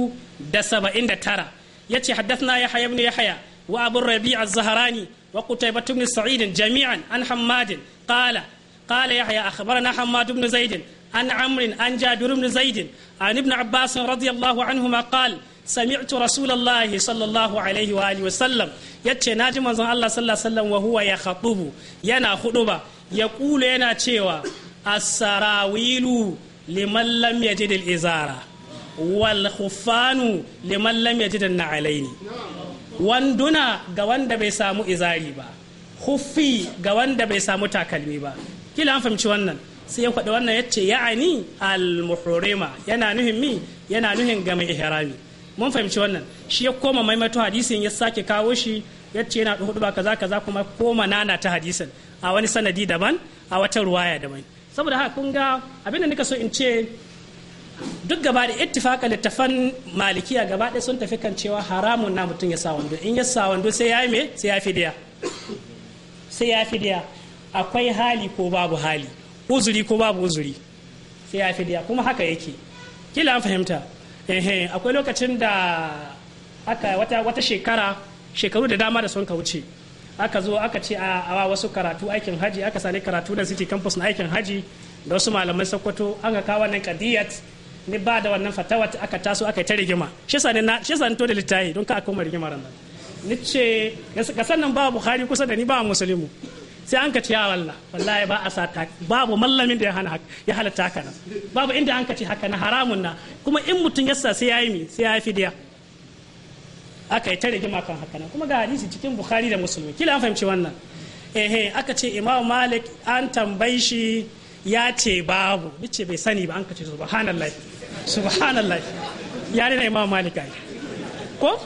da saba'in da tara ya ce haddathna ya haya ibn yahya wa abu rabi az wa qutaybah ibn sa'id jami'an an hammadin haya a yahya akhbarana hammad ibn zaidin an amr an jabir ibn zaid an ibn abbas radiyallahu anhuma kala. sami'tu rasulullahi sallallahu alaihi wa alihi wasallam yace naji manzon Allah sallallahu alaihi wasallam wa huwa ya khatubu yana huduba ya kula yana cewa asarawilu liman lam yajid izara wal khufanu liman lam yajid naalaini wanduna ga wanda bai samu izari ba huffi ga wanda bai samu takalmi ba kila an fahimci wannan sai ya faɗi wannan yace ya'ani al-muhrima yana nuhin mi yana nuhin ga mai ihrami mun fahimci wannan shi ya koma maimaito hadisin ya sake kawo shi ya ce yana da hudu ba kaza kaza kuma koma nana ta hadisin a wani sanadi daban a wata ruwaya daban saboda haka kun ga abinda nika so in ce duk gaba da ittifaka littafan malikiya gaba ɗaya sun tafi kan cewa haramun na mutum ya sa wando in ya sa wando sai ya yi me sai ya fidiya sai ya fidiya akwai hali ko babu hali uzuri ko babu uzuri sai ya fidiya kuma haka yake kila an fahimta ehe akwai lokacin da aka wata shekara shekaru da dama da sun ka wuce aka zo aka ce a wasu karatu aikin haji aka sani karatu na city campus na aikin haji da wasu malamai sokoto an ga kawo wannan kadiyat ni ba da wannan fatawa aka taso aka yi ta rigima shi sani na shi sani to da littayi don ka koma rigimar nan ni ce ga sannan ba buhari kusa da ni ba musulmi sai an ka ce ya wallah wallahi ba a sa ta babu mallamin da ya hana ya halatta haka nan babu inda an ka ce haka na haramun na kuma in mutum sa sai yayi mi sai yayi fidiya aka yi tare rigima kan haka nan kuma ga hadisi cikin Bukhari da Muslim kila an fahimci wannan ehe aka ce Imam Malik an tambayi shi ya ce babu yace bai sani ba an ka ce subhanallah subhanallah ya na Imam Malik ai ko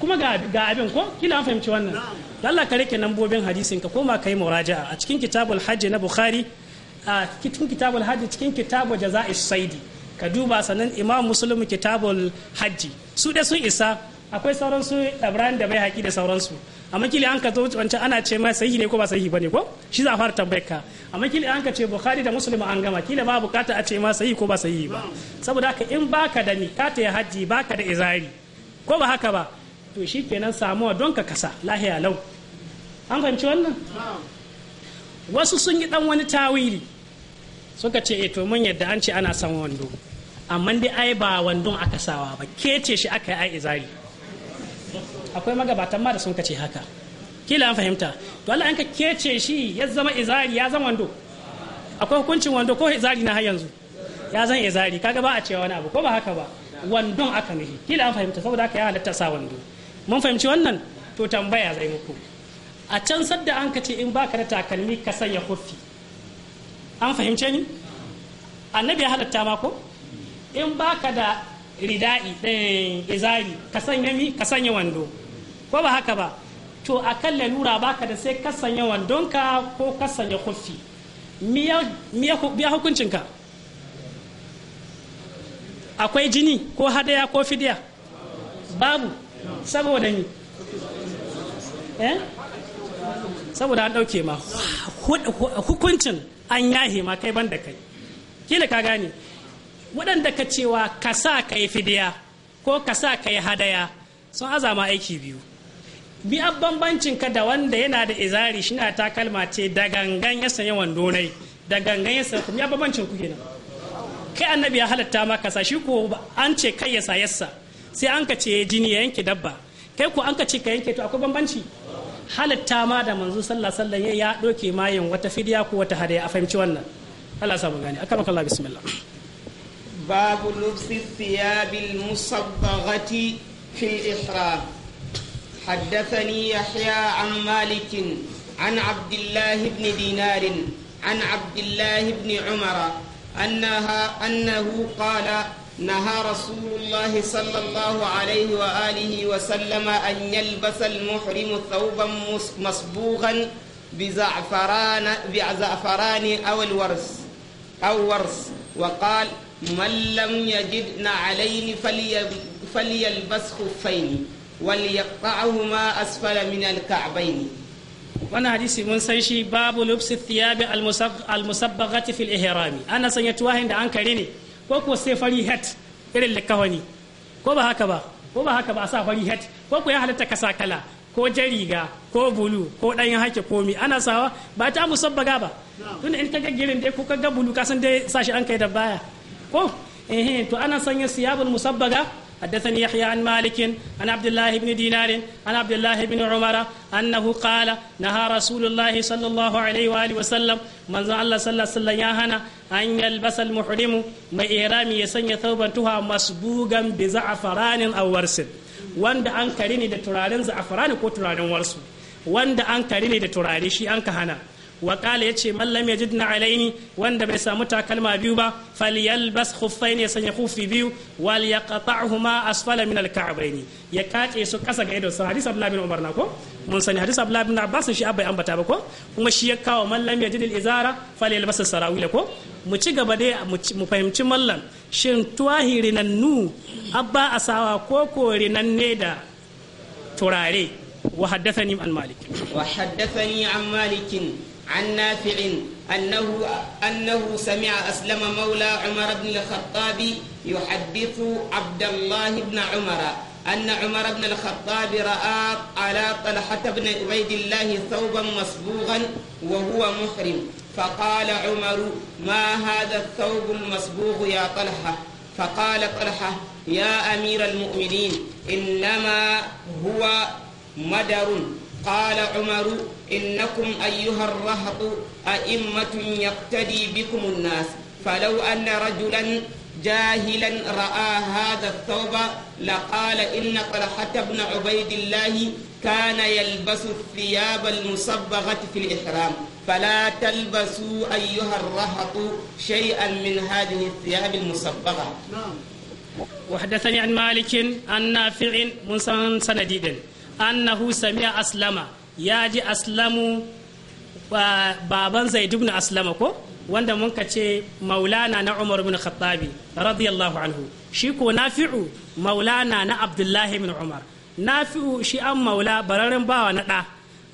kuma ga abin ko kila an fahimci wannan Allah ka rike nambobin hadisin ka koma kai muraja a cikin kitabul hajj na Bukhari a cikin kitabul hajj cikin kitabu jaza'is saidi ka duba sanan Imam Muslim kitabul hajj su da sun isa akwai sauran su Ibrahim da bai haƙi da sauran su amma kili an ka zo wancan ana ce ma sahihi ne ko ba sahihi bane ko shi za a fara tambayar ka amma kili an ka ce Bukhari da Muslim an gama kila ba bukata a ce ma sahihi ko ba sahihi ba saboda haka in baka da miƙata ya hajji baka da izari ko ba haka ba to shi kenan samuwa don ka kasa lahiya lau an fahimci wannan wasu sun yi dan wani tawili suka ce eto eh, mun yadda an ce ana san wando amma dai ai ba wandon aka sawa ba kece shi aka yi ai izari akwai magabatan ma da sun kace haka kila an fahimta to Allah an ka kece shi ya zama izari ya zama wando akwai hukuncin wando ko izari na har yanzu ya zan izari kaga ba a cewa wani abu ko ba haka ba wandon aka nufi kila an fahimta saboda haka ya halatta sa wando mun fahimci wannan to tambaya zai muku a can sadda an ka ce in baka da takalmi ka sanya kofi an fahimce ni annabi ya halatta ma ko in baka da rida'i eh, izari ka sanya mi ka sanya wando ko ba haka ba to a kan lalura baka da sai ka sanya wandonka ko ka sanya kofi miya hukuncinka akwai jini ko hadaya ko fidiya babu saboda ni eh saboda an ɗauke ma hukuncin an yahe ma kai ban da kai kila ka gane waɗanda ka cewa ka sa ka yi fidiya ko ka sa ka yi hadaya sun azama aiki biyu biyan bambancin ka da wanda yana da izari shi na takalma ce da gangan ya sanya wando nai da gangan ya sanya kuma ya bambancin ku kenan kai annabi ya halatta maka sa shi ko an ce kai ya sa yassa sai an ka ce jini ya yanke dabba kai ko an ka ce ka yanke to akwai bambanci halatta ma da manzo sallallahu alaihi ya ya doke mayin wata fidiya ko wata hadaya a fahimci wannan Allah samu gani akan Allah bismillah babu lubsi thiyabil musabbaghati fil ihram حدثني يحيى عن مالك عن عبد الله بن دينار عن عبد الله بن عمر أنها أنه قال نهى رسول الله صلى الله عليه وآله وسلم أن يلبس المحرم ثوبا مصبوغا بزعفران بزعفران أو الورس أو ورس وقال من لم يجدن عليه فلي فليلبس خفين وليقطعهما أسفل من الكعبين wannan hadisi mun san shi babu lubsi thiyabi al-musabbagati fil ihrami ana sanya tuwahin da an kare ne ko ko sai fari hat irin likawani ko ba haka ba ko ba haka ba a sa fari hat ko ko ya halatta kasa kala ko jariga ko bulu ko ɗanyen hake komi ana sawa ba ta musabbaga ba tun in ka ga girin dai ko ka ga bulu ka san dai sashi an kai da baya ko eh to ana sanya siyabul musabbaga حدثني يحيى عن مالك عن عبد الله بن دينار عن عبد الله بن عمر أنه قال نهى رسول الله صلى الله عليه وآله وسلم من زعل الله صلى الله عليه وسلم يهنا أن يلبس المحرم ما إيرامي يسني ثوبا تها مسبوغا بزعفران أو ورس wanda an kare ne da turaren za'afarani ko turaren warsu wanda an kare ne da turare shi an ka hana wa qala yace man lam yajid na alaini wanda bai samu takalma biyu ba falyalbas khuffaini ya sanya khuffi biyu wal yaqta'huma asfala min al ka'baini ya kace su kasa ga ido hadis abdullah bin umar na ko mun sani hadis abdullah bin abbas shi abai ambata ba ko kuma shi ya kawo man lam yajid al izara falyalbas sarawila ko mu ci gaba dai mu fahimci mallam shin tuwahi rinannu abba asawa ko ko rinanne da turare وحدثني عن مالك وحدثني عن مالك عن نافع أنه, أنه سمع أسلم مولى عمر بن الخطاب يحدث عبد الله بن عمر أن عمر بن الخطاب رأى على طلحة بن عبيد الله ثوبا مصبوغا وهو محرم فقال عمر ما هذا الثوب المصبوغ يا طلحة فقال طلحة يا أمير المؤمنين إنما هو مدر قال عمر إنكم أيها الرهط أئمة يقتدي بكم الناس فلو أن رجلا جاهلا رأى هذا الثوب لقال إن طلحة بن عبيد الله كان يلبس الثياب المصبغة في الإحرام فلا تلبسوا أيها الرهط شيئا من هذه الثياب المصبغة نعم. وحدثني عن مالك عن نافع من سنديد أنه سمع أسلم ya ji aslamu baban zaid ibn aslama ko wanda mun ka ce maulana na umar ibn khattabi radiyallahu anhu shi ko nafi'u maulana na abdullahi ibn umar nafi'u shi an maula bararren bawa na ɗa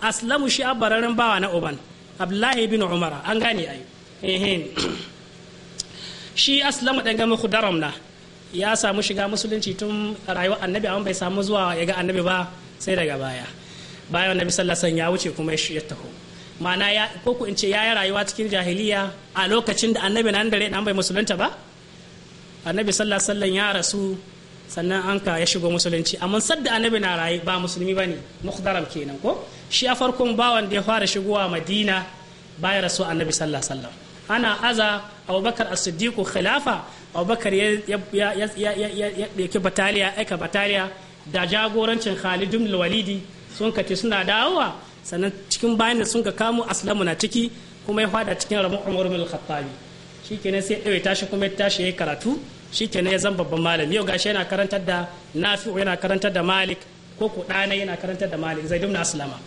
aslamu shi an bararren bawa na uban abdullahi ibn umar an gane ai shi aslamu ɗan gama kudaram na ya samu shiga musulunci tun rayuwar annabi amma bai samu zuwa ya ga annabi ba sai daga baya bayan annabi sallallahu alaihi ya wuce kuma ya taho ma'ana ya ko ku in ce yayi rayuwa cikin jahiliya a lokacin da annabi nan da an bai musulunta ba annabi sallallahu alaihi ya rasu sannan an ka ya shigo musulunci amma sadda annabi na rayu ba musulmi bane mukhdaram kenan ko shi a farkon bawan da ya fara shigowa madina bayan rasu annabi sallallahu alaihi ana aza abubakar as-siddiq khilafa abubakar ya ya ya ya ya bataliya aika bataliya da jagorancin khalid ya walidi sun ka ce suna dawowa sannan cikin bayan da sun ka kamo aslamu na ciki kuma ya fada cikin ramu umar bin khattabi shikenan sai ɗaure tashi kuma ya tashi yayi karatu shikenan ya zan babban malami yau gashi yana karantar da nafi'u yana karantar da malik ko ko yana karantar da malik zaid ibn aslama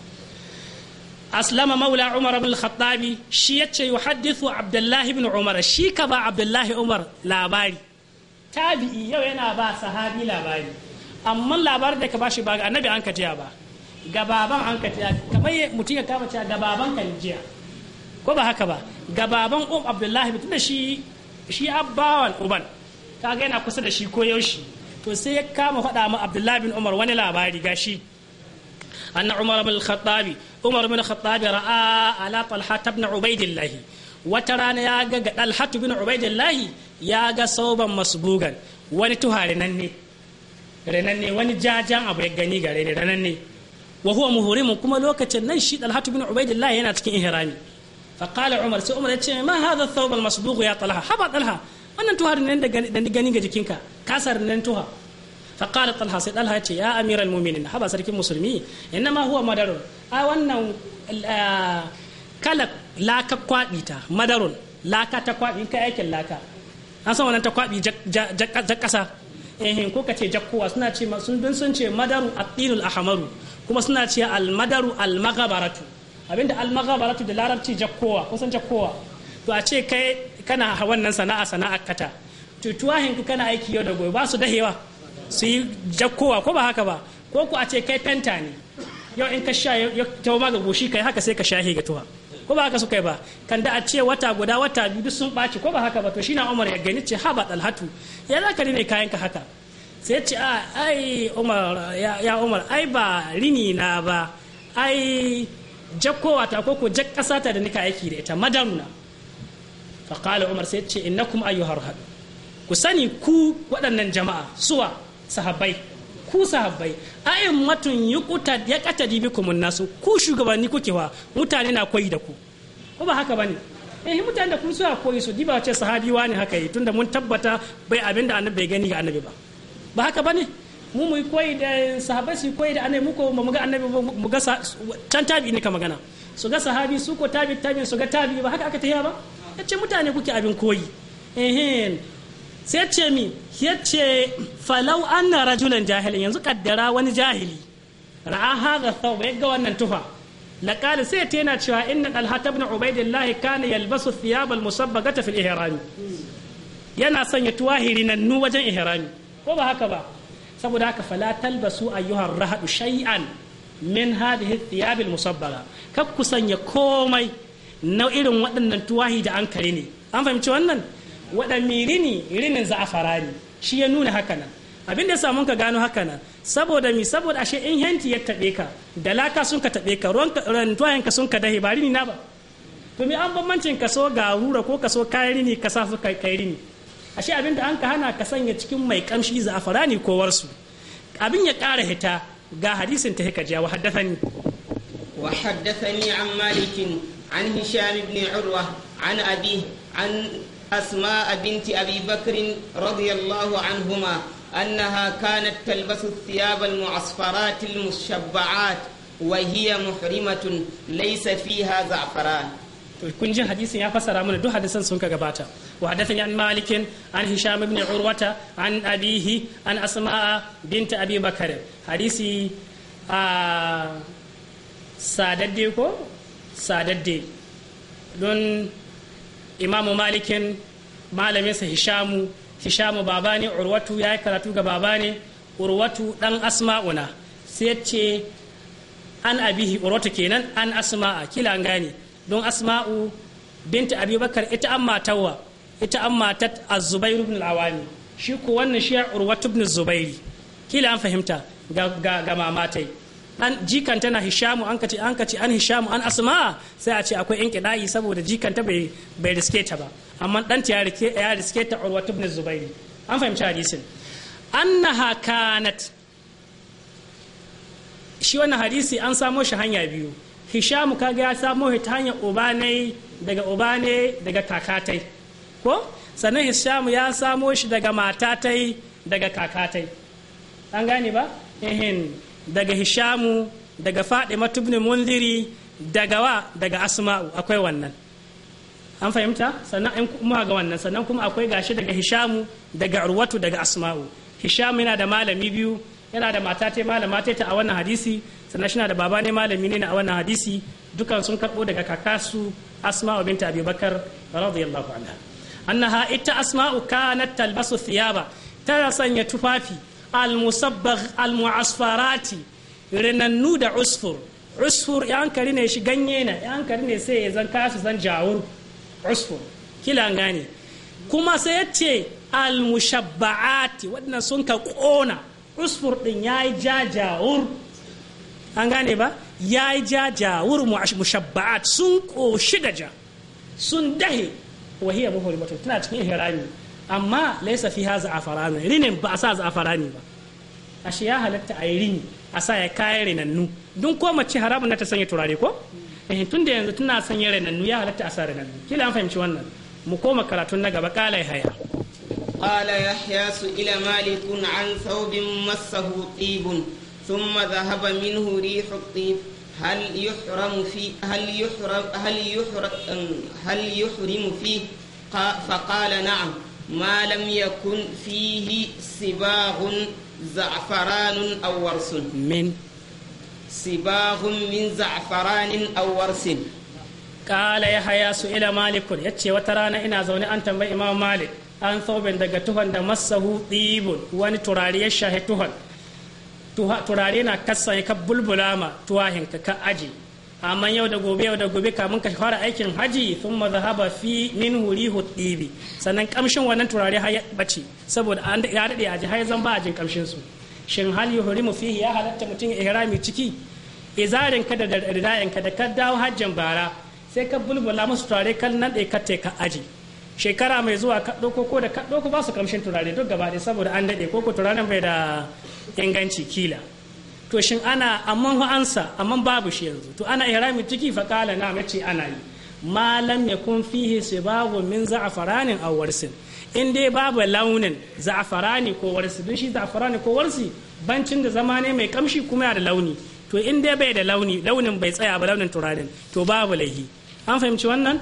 aslama maula umar bin khattabi shi yace yuhaddithu abdullahi ibn umar shi ka ba abdullahi umar labari tabi'i yau yana ba sahabi labari amma labarin da ka bashi ba annabi an ka ba gababan an ka kamar mutum ya kama cewa gababan jiya ko ba haka ba gababan um abdullahi mutum da shi shi abbawan uban kaga yana kusa da shi ko yaushe to sai ya kama faɗa ma abdullahi bin umar wani labari ga shi anna umar bin khattabi umar bin khattabi ra'a ala talha ibn ubaidillah wata rana ya ga ga talha bin ubaidillah ya ga sauban masbugan wani tuhari nan ne renan ne wani jajan abu ya gani ga renan ne wa huwa muhrimun kuma lokacin nan shi Talhatu bin Ubaidillah yana cikin ihrami fa qala Umar sai Umar ya ce ma hadha thawb al masbugh ya Talha haba Talha wannan tuha ne da gani gani ga jikinka kasar nan tuha fa qala Talha sai Talha ya ce ya amiral mu'minin haba sarkin musulmi ma huwa madarun a wannan eh, kala laka kwabi ta madarun laka ta kwabi ka aikin laka an san wannan ta kwabi jak kasa ko ka ce jakkowa suna ce sun dun sun ce madaru atinul ahmaru kuma suna ce almadaru almagabaratu abinda almagabaratu da larabci jakkowa kusan jakkowa to a ce kai kana wannan sana'a sana'ar kata to tuwahinka kana aiki yau da gobe ba su dahewa su yi jakkowa ko ba haka ba ko ku a ce kai fenta ne yau in ka sha ya tawo ga goshi kai haka sai ka shahe ga tuwa ko ba haka su yi ba kan da a ce wata guda wata biyu sun ɓaci ko ba haka ba to shi na umar ya gani ce haɓa ɗalhatu ya za ka ne kayan ka haka sai ce a ai umar ya umar ai ba rini na ba ai jakkowa ta koko jak kasa ta da nika aiki da ita madaruna fa qala umar sai ce innakum ayyuhar haɗu. ku sani ku waɗannan jama'a suwa sahabbai ku sahabbai ayin matun yukuta ya kata kumun nasu ku shugabanni kuke wa mutane na koyi da ku ko ba haka bane eh mutane da kun suwa koyi su diba ce sahabi ne haka yi tunda mun tabbata bai abinda annabi bai gani ga annabi ba ba haka bane mu mu koyi da sahabbai su koyi da annabi muko ba mu ga annabi mu ga can tabi ne ka magana su ga sahabi su ko tabi tabi su ga tabi ba haka aka tafiya ba yace mutane kuke abin koyi ehin sai ce mi yace falau anna rajulan jahilin yanzu kaddara wani jahili ra'a hadha thawb yaga wannan tufa laqala sai ta yana cewa inna talhat ibn ubaidillah kana yalbasu thiyab al musabbagata fil ihram yana sanya tuwahiri nan nu wajen ihrami ko ba haka ba saboda haka fala talbasu ayyuhar rahadu shay'an min hadhihi thiyabil musabbara kak ku sanya komai na irin waɗannan tuwahi da an ne an fahimci wannan waɗanne rini rinin za'afara ne shi ya nuna haka nan abin da samun ka gano haka nan saboda mi saboda ashe in henti ya taɓe ka da laka sun ka taɓe ka ruwan tuwahin ka sun ka dahe ba rini na ba to me an bambancin so ga rura ko ka so kayan rini ka sa su kai rini ashe abin da an ka hana ka sanya cikin mai kamshi za'afarani ko warsu abin ya kara hita ga hadisin ta hika jiya wa haddathani wa haddathani an malikin an hisham ibn urwa an abi an asma binti abi bakr radiyallahu anhuma annaha kanat talbasu thiyab al mu'asfarat al mushabba'at wa hiya muhrimatun laysa fiha za'faran kun ji hadisin ya fassara mana duk hadisan sun ka gabata wa hadathani an malikin an hisham ibn urwata an abihi an asma'a bint abi bakr hadisi a sadadde ko sadadde don imamu malikin malaminsa hishamu hishamu baba ne urwatu ya yi karatu ga babani urwatu dan asma'una sai ce an abihi urwatu kenan an asma'a kila an gane don asma'u binta abubakar ita an matawa ita an matat az-zubair ibn al-awami shi ko wannan shi urwa ibn zubairi kila an fahimta ga ga, ga mamatai an jikan tana hishamu an kace an kace an hishamu an asma'a sai a ce akwai in kidayi saboda jikan ta bai bai riske ta ba amma dan ta ya riske ya riske ta urwa ibn zubairi an fahimci hadisin annaha kanat shi wannan hadisi an samo shi hanya biyu hishamu kaga ya samo ta hanyar ubanai daga uba daga kakatai ko sannan hishamu ya samo shi daga matatai daga kakatai an gane ba ehin daga hishamu daga fadima matubni munziri daga wa daga asma'u akwai wannan an fahimta sannan an kuma ga wannan sannan kuma akwai gashi daga hishamu daga urwatu daga asma'u hishamu yana da malami biyu yana da matatai malamatai ta a wannan hadisi sannan shi da baba ne malami ne wannan hadisi dukan sun karɓo daga kakasu asma'u binta abubakar radiyallahu anha annaha ita asma'u kanat talbasu thiyaba tana sanya tufafi almusabbagh almu'asfarati rinannu da usfur usfur ya kari ne shi ganye na ya kari ne sai ya zan kasu zan jawur usfur kila gane kuma sai ya ce almushabba'ati waɗannan sun ka ƙona usfur ɗin ya yi jajawur an gane ba ya yi ja wurin mushabba'at sun koshi da ja sun dahe wahiyar muhurimatun tana cikin ihrami amma laisa fi haza a ne rinin ba a sa za a ne ba ashe ya halatta a yi rini a sa ya kayan renannu don ko mace haramun na ta sanya turare ko eh tun da yanzu tana sanya renannu ya halatta a sa renannu kila an fahimci wannan mu koma karatun na gaba kala haya قال يحيى سئل مالك عن ثوب مسه طيب ثم ذهب منه ريح الطيب هل يحرم في هل يحرم هل يحرم هل يحرم فيه فقال نعم ما لم يكن فيه سباغ زعفران أو ورس من سباغ من زعفران أو ورس قال يحيى سئل مالك يتشي وترانا إنا زوني أنت إمام مالك an thobin daga tuhon da masahu ɗibun wani turare ya shahi tuhon turare na kasa ka bulbula ma tuwahinka ka aji amma yau da gobe yau da gobe kamun ka fara aikin haji sun mazahaba fi min huri ɗibi sannan kamshin wannan turare har ya bace saboda an a daɗe aji har zan ba ajin kamshin su shin hal yuhrimu fihi ya halatta mutum ihrami ciki izarin ka da ridayen ka da ka dawo hajjin bara sai ka bulbula musu turare kan nan ɗaya ka ka aji shekara mai zuwa kaɗo ko da ka ba su kamshin turare duk gaba da saboda an dade ko ko turaren bai da inganci kila to shin ana amman hu ansa amma babu shi yanzu to ana ihrami ciki fa kala na mace ana yi malam ya kun fihi babu min za'faranin aw warsin in dai babu launin za'farani ko warsi dun shi za'farani ko warsi bancin da zama ne mai kamshi kuma yana da launi to in dai bai da launi launin bai tsaya ba launin turaren to babu laihi an fahimci wannan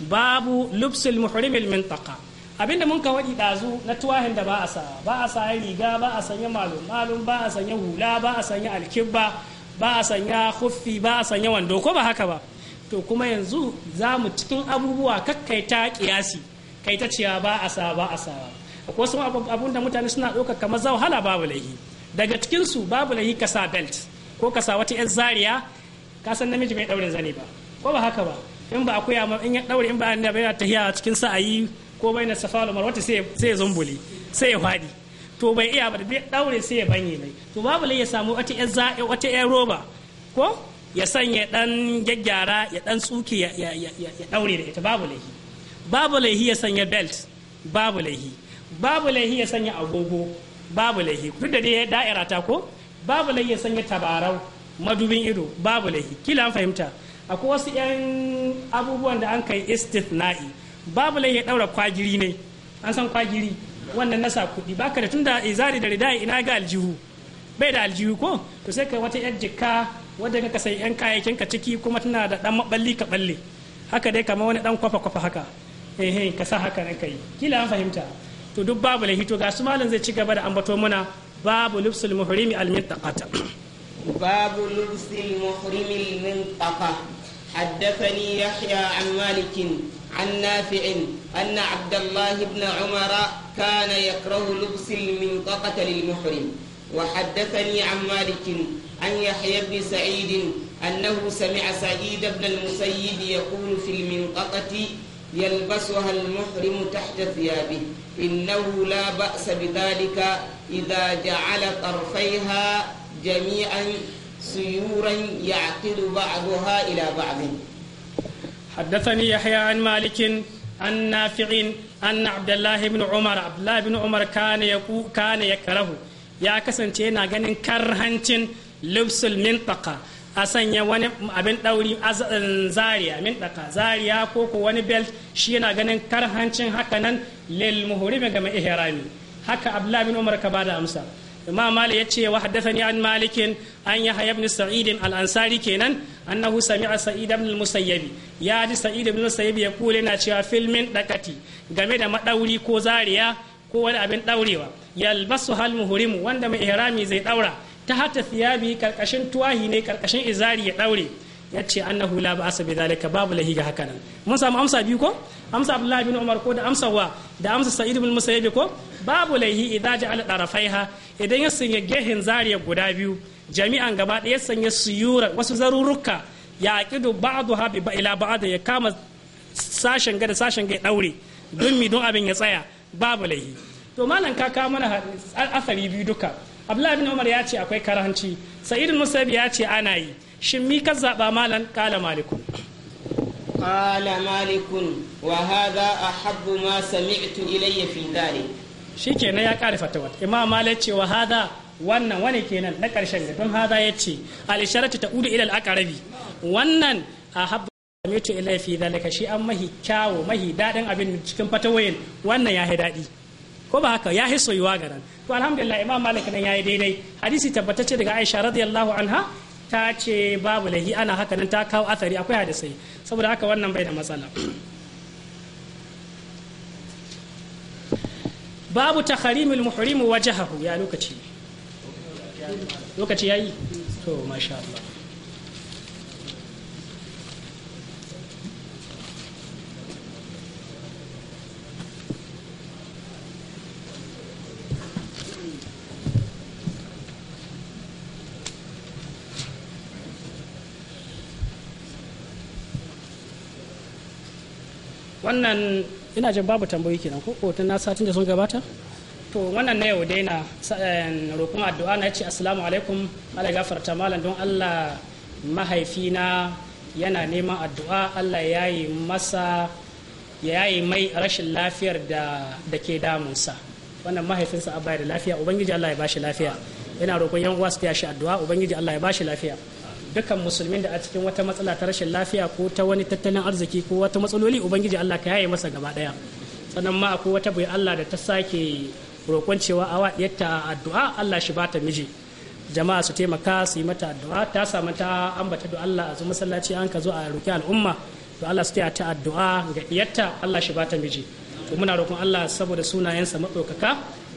babu lubsul muhrimil mintaqa abinda mun ka wadi dazu na tuwahin da ba a sa ba a sa riga ba a sanya malum malum ba a sanya hula ba a sanya alkibba ba a sanya khuffi ba a sanya wando ko ba haka ba to kuma yanzu za mu cikin abubuwa kakkaita kiyasi kai ta ciya ba a sa ba a sa akwai wasu abun da mutane suna ɗauka kamar zau wahala babu laihi daga cikin su babu laihi ka sa belt ko ka sa wata yar zariya ka san namiji bai ɗaurin zane ba ko ba haka ba in ba akwai amma in ya daure in ba an ba ta hiya cikin sa'ayi ko bai na safa da marwa sai sai zumbuli sai ya fadi to bai iya ba da bai daure sai ya banye mai to babu lai ya samu wata yar za'i wata yar roba ko ya sanya dan gyaggyara ya dan tsuke ya daure da ita babu lai babu lai ya sanya belt babu lai babu lai ya sanya agogo babu lai duk da dai da'ira ta ko babu lai ya sanya tabarau madubin ido babu lai kila an fahimta akwai wasu 'yan abubuwan da an kai istithna'i babu lai ya daura kwagiri ne an san kwagiri wannan nasa kuɗi baka da tunda izari da rida ina ga aljihu bai da aljihu ko to sai ka wata 'yan jika wadda ka sai 'yan kayayyakin ka ciki kuma tana da dan maballi ka balle haka dai kamar wani dan kwafa kwafa haka eh eh ka sa haka ranka kai kila an fahimta to duk babu lai hito ga su malam zai ci gaba da ambato muna babu lubsul muhrimi al mintaqata babu lubsul muhrimi al mintaqata حدثني يحيى عن مالك عن نافع أن عبد الله بن عمر كان يكره لبس المنطقة للمحرم وحدثني عن مالك عن يحيى بن سعيد أنه سمع سعيد بن المسيب يقول في المنطقة يلبسها المحرم تحت ثيابه إنه لا بأس بذلك إذا جعل طرفيها جميعا سيورا يعقل بعضها إلى بعض حدثني يحيى عن مالك عن نافع أن عبد الله بن عمر عبد الله بن عمر كان يقو كان يكره يا كسنتي yana ganin karhancin lubsul mintaka a sanya wani abin dauri zaria mintaka zaria ko wani belt shi yana ganin karhancin hakanan lil muhrimi ga mai ihrami haka abdullah umar ka bada amsa imam malik ya ce wa مالك an malikin an سعيد الانصاري sa'id al-ansari kenan annahu sami'a يا ibn al-musayyib ya ji sa'id ibn al cewa filmin dakati game da madauri ko zariya ko wani abin daurewa yalbasu hal muhrimu wanda mai ihrami zai daura ta hatta thiyabi karkashin tuwahi ne karkashin izari ya daure ya ce annahu la ba'asa bi zalika babu lahi ga haka mun samu amsa biyu ko amsa abdullahi bin umar ko da amsa wa da amsa sa'id bin musayyib ko babu lahi idza ja'ala darafaiha idan ya sanya gehen zariya guda biyu jami'an gaba ɗaya sanya suyura wasu zarurruka ya aqidu ba'adu haɓe ba ila ba'd ya kama sashen ga sashen ga ɗaure don mi don abin ya tsaya babu laihi to malam ka kawo mana asari biyu duka abdullahi bin umar ya ce akwai karanci sa'idu musa ya ce ana yi shin mi ka zaɓa malam kala malikun قال مالك وهذا أحب ما سمعت إلي في ذلك kenan ya kare fatawa imam malik cewa hada wannan wani kenan na karshen ga don hada ya ce al ta ta'udu ilal akarabi wannan a habba samitu ila fi zalika shi an mahi kyawo mahi dadin abin cikin wayan wannan ya daɗi ko ba haka ya yi soyuwa garan to alhamdulillah imam malik nan yi daidai hadisi tabbatacce daga aisha radiyallahu anha ta ce babu lahi ana haka nan ta kawo athari akwai hadisai saboda haka wannan bai da matsala babu ta muhrim wajhahu ya lokaci lokaci to masha Allah wannan ina jin babu tambayi kenan ko hoton na satin da sun gabata to wannan na yau daina eh, roƙon addu'a na ce assalamu alaikum Allah gafarta malam don Allah mahaifina yana neman addu'a Allah ya yi masa ya yi mai rashin lafiyar da ke damunsa wannan mahaifinsa a da lafiya ubangiji Allah ya ba shi lafiya yana roƙon yan uwa su shi addu'a ubangiji Allah ya ba shi lafiya dukan musulmin da a cikin wata matsala ta rashin lafiya ko ta wani tattalin arziki ko wata matsaloli ubangiji Allah ka yaye masa gaba daya sannan ma akwai wata bai Allah da ta sake roƙon cewa awa yatta addu'a Allah shi bata miji jama'a su taimaka su yi mata addu'a ta samu ta ambata da Allah a zo masallaci an ka zo a roƙi al'umma to Allah su taya ta addu'a ga yatta Allah shi bata miji to muna roƙon Allah saboda sunayensa maɗaukaka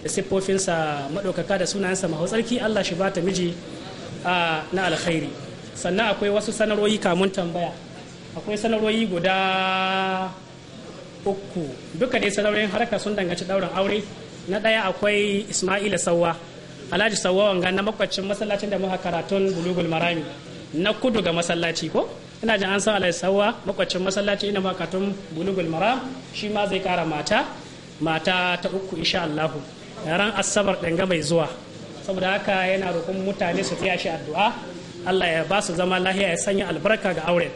da siffofinsa maɗaukaka da sunayensa tsarki Allah shi bata miji ah, na alkhairi sannan akwai wasu sanarwoyi kamun tambaya akwai sanarwoyi guda uku duka dai sanarwoyin harka sun danganci daurin aure na ɗaya akwai ismaila sauwa alhaji sauwa wanga na makwacin masallacin da muka karatun bulugul marami na kudu ga masallaci ko ina jin an san alhaji sauwa makwacin masallaci ina muka karatun bulugul maram shi ma zai kara mata mata ta uku insha allahu ran asabar ga mai zuwa saboda haka yana roƙon mutane su tsaya shi addu'a Allah ya ba su zama lahiya ya sanya albarka ga auren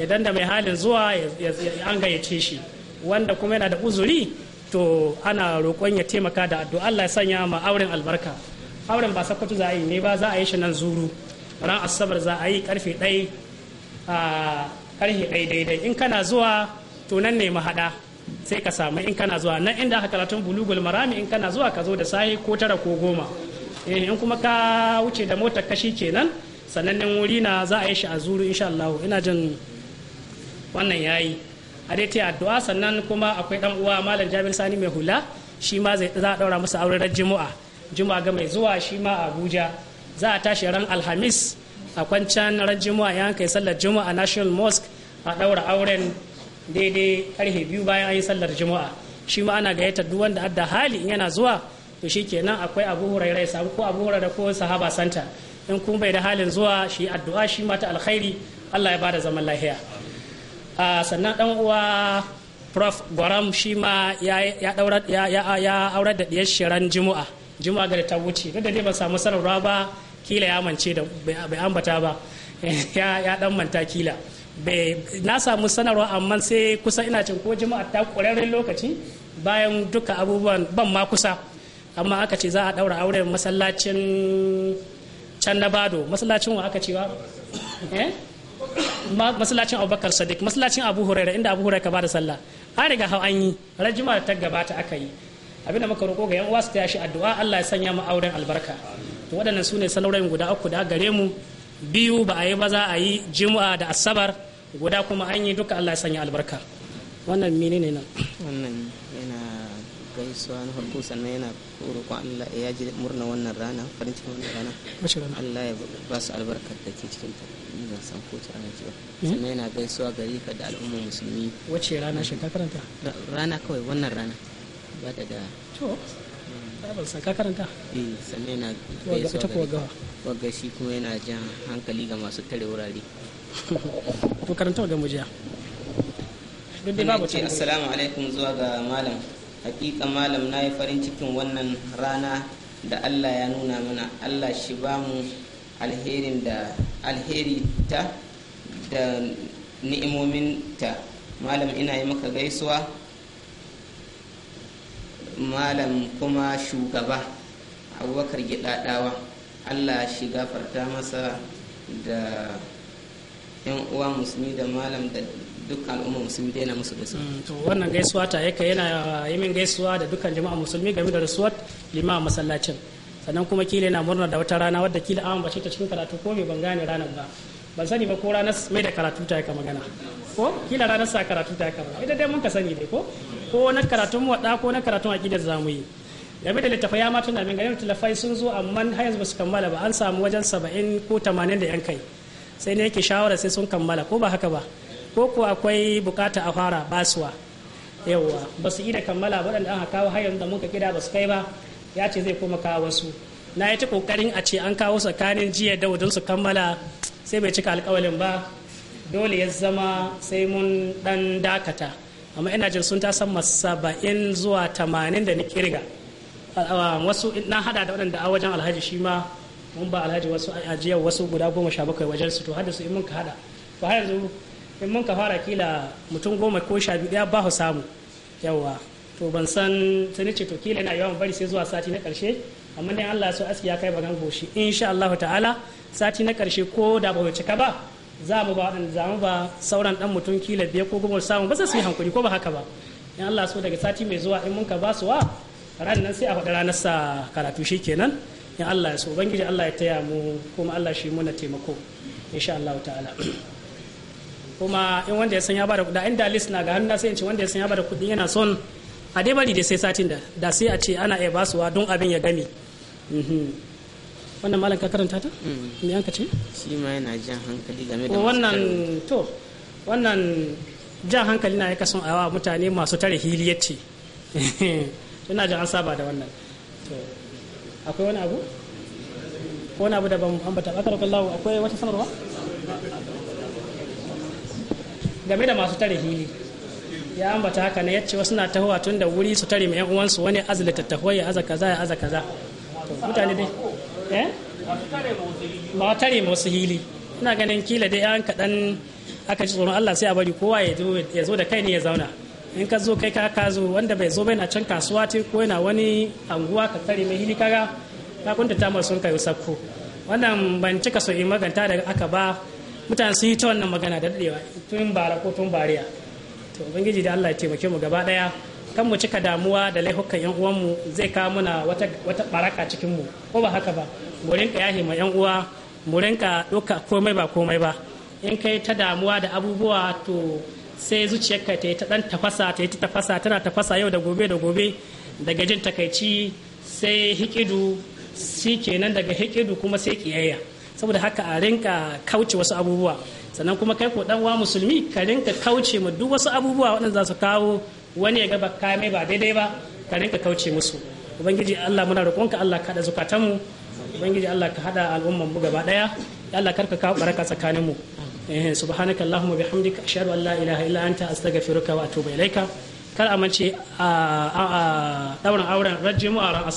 idan da mai halin zuwa an gayyace shi wanda kuma yana da uzuri to ana roƙon ya taimaka da addu'a Allah ya sanya ma auren albarka auren ba sakkwato za a yi ne ba za a yi shi nan zuru ran asabar za a yi karfe ɗai a karfe ɗai daidai in kana zuwa to nan ne mahaɗa sai ka samu in kana zuwa nan inda aka karatun bulugul marami in kana zuwa ka zo da sahi ko tara ko goma eh, in kuma ka wuce da motar kashi kenan sanannen wuri na za a yi shi a zuru insha Allah ina jin wannan yayi a dai ta addu'a sannan kuma akwai dan uwa malam Jabir Sani mai hula shi ma za a daura masa auren ran Juma'a Juma'a ga mai zuwa shi ma Abuja za a tashi ran Alhamis a kwancan ran Juma'a ya kai sallar Juma'a National Mosque a daura auren daidai karfe biyu bayan an yi sallar Juma'a shi ma ana gayyata duk wanda adda hali in yana zuwa to shikenan akwai Abu sabu ko Abu hurairai ko Sahaba Santa in kun bai da halin zuwa shi addu'a shi mata alkhairi Allah ya bada zaman lahiya sannan dan uwa prof gwaram shi ma ya aurar da ɗiyar shiran jimu'a jimu'a ga ta wuce duk da dai ban samu sanarwa ba kila ya mance da bai ambata ba ya dan manta kila na samu sanarwa amma sai kusa ina cin ko jima'a ta ƙwararren lokaci bayan duka abubuwan ban ma kusa amma aka ce za a ɗaura auren masallacin can na bado masallacin wa aka cewa eh? masallacin abubakar sadiq masallacin abu huraira inda abu huraira ka bada sallah an riga hau an yi rajima ta gabata aka yi abinda muka roko ga yan uwa su ta yashi addu'a Allah ya sanya mu auren albarka to waɗannan su ne guda uku da gare mu biyu ba a yi ba za a yi juma'a da asabar guda kuma an yi duka Allah ya sanya albarka wannan menene nan wannan gaisuwa na farko sannan yana roƙon Allah ya ji murna wannan rana farin cikin wannan rana Allah ya ba su albarkar da ke cikin ta ina san ko ta rana ba eh? sannan yana gaisuwa gari ka da al'ummar musulmi wace rana shi ka karanta rana kawai wannan rana ba da da to babarsa ka karanta eh sannan yana gaisuwa ga ka shi kuma yana jan hankali ga masu tare wurare to karanta ga mujiya assalamu alaikum zuwa ga malam hakika malam na yi farin cikin wannan rana da allah ya nuna mana allah shi ba mu alherin da alheri ta da ni'imomin ta malam ina yi maka gaisuwa malam kuma shugaba abubakar gidadawa allah shi gafarta masa da 'yan uwa musulmi da malam da dukkan al'umma musulmi da yana musu da su mm, to wannan gaisuwa ta yake yana yi min gaisuwa da dukkan jama'a musulmi game da rasuwar limama masallacin sannan kuma kila yana murna da wata rana wadda kila an bace ta cikin karatu ko me ban gane ranar ba ban sani ba ko ranar mai da karatu ta yaka magana ko kila ranar sa karatu ta yaka magana idan dai mun ka sani dai ko ko na karatun wada ko na karatun aqidar zamu yi game da littafai ya mata min ganin littafai sun zo amma har yanzu ba su kammala ba an samu wajen saba'in ko tamanin da yan kai sai ne yake shawara sai sun kammala ko ba haka ba ko ko akwai bukata a fara basuwa yawwa ba su ida kammala waɗanda aka kawo hayan da muka kira ba su kai ba ya ce zai kuma kawo wasu na yi ta kokarin a ce an kawo tsakanin jiya da don su kammala sai bai cika alkawalin ba dole ya zama sai mun dan dakata amma ina jin sun ta sama saba'in zuwa tamanin da ni kirga wasu na hada da waɗanda a wajen alhaji shi ma mun ba alhaji wasu ajiyar wasu guda goma sha bakwai wajen su to hada su in mun ka hada to har yanzu in mun ka fara kila mutum goma ko sha biyu ya ba ku samu yawa to ban san tuni ce to kila na yawan bari sai zuwa sati na karshe amma dai Allah so aski ya kai bagan goshi insha Allah ta'ala sati na karshe ko da ba cika ba za mu ba za mu ba sauran dan mutum kila biye ko goma samu ba sai su yi hankuri ko ba haka ba in Allah so daga sati mai zuwa in mun ka ba su wa ran nan sai a faɗi ranar sa karatu shikenan in Allah ya so ubangiji Allah ya taya mu kuma Allah shi muna taimako insha Allah ta'ala kuma in wanda ya san ya bada kuɗi inda list na ga hannu sai in ce wanda ya san ya bada kuɗi yana son a dai bari da sai satin da da sai a ce ana iya basuwa don abin ya gami. Mhm. wannan malam ka karanta ta mm. me an ce shi ma yana jan hankali game da wannan to wannan jan hankali na yaka son awa mutane masu tare hiliyar ce ina jan an saba da wannan akwai wani abu wani abu da ban ambata ba akwai wata sanarwa game da masu tare hili ya ambata haka na yace wasu na tahowa tun da wuri su tare mai yan uwansu wani azla tahowa ya aza kaza ya aza kaza mutane dai eh? ba tare ma wasu hili ina ganin kila dai an kaɗan aka ci tsoron Allah sai a bari kowa ya zo da kai ne ya zauna in ka zo kai ka ka zo wanda bai zo bai na can kasuwa ce ko yana wani anguwa ka tare mai hili kaga ka kunta tamar sun kai sakko wannan ban cika so in maganta da aka ba mutane sun yi ta wannan magana da daɗewa tun bara ko tun bariya to ubangiji da Allah ya taimake mu gaba daya kan mu cika damuwa da laihukan yan uwanmu zai kawo muna wata wata baraka cikin mu ko ba haka ba mu rinka yahi ma yan uwa mu rinka doka komai ba komai ba in kai ta damuwa da abubuwa to sai zuciyarka ta yi ta dan tafasa ta yi ta tafasa tana tafasa yau da gobe da gobe daga jin takaici sai hikidu shi kenan daga hikidu kuma sai kiyayya saboda haka a rinka kauce wasu abubuwa sannan kuma kai ko dan wa musulmi ka rinka kauce mu duk wasu abubuwa waɗanda za su kawo wani ya gaba kame mai ba daidai ba ka rinka kauce musu ubangiji Allah muna roƙonka Allah ka hada mu ubangiji Allah ka hada al'umman mu gaba daya Allah karka kawo baraka tsakanin mu eh, subhanaka allahumma bihamdika ashhadu an la ilaha illa anta astaghfiruka wa atubu ilaika kar mace a ɗaurin auren rajimu a ran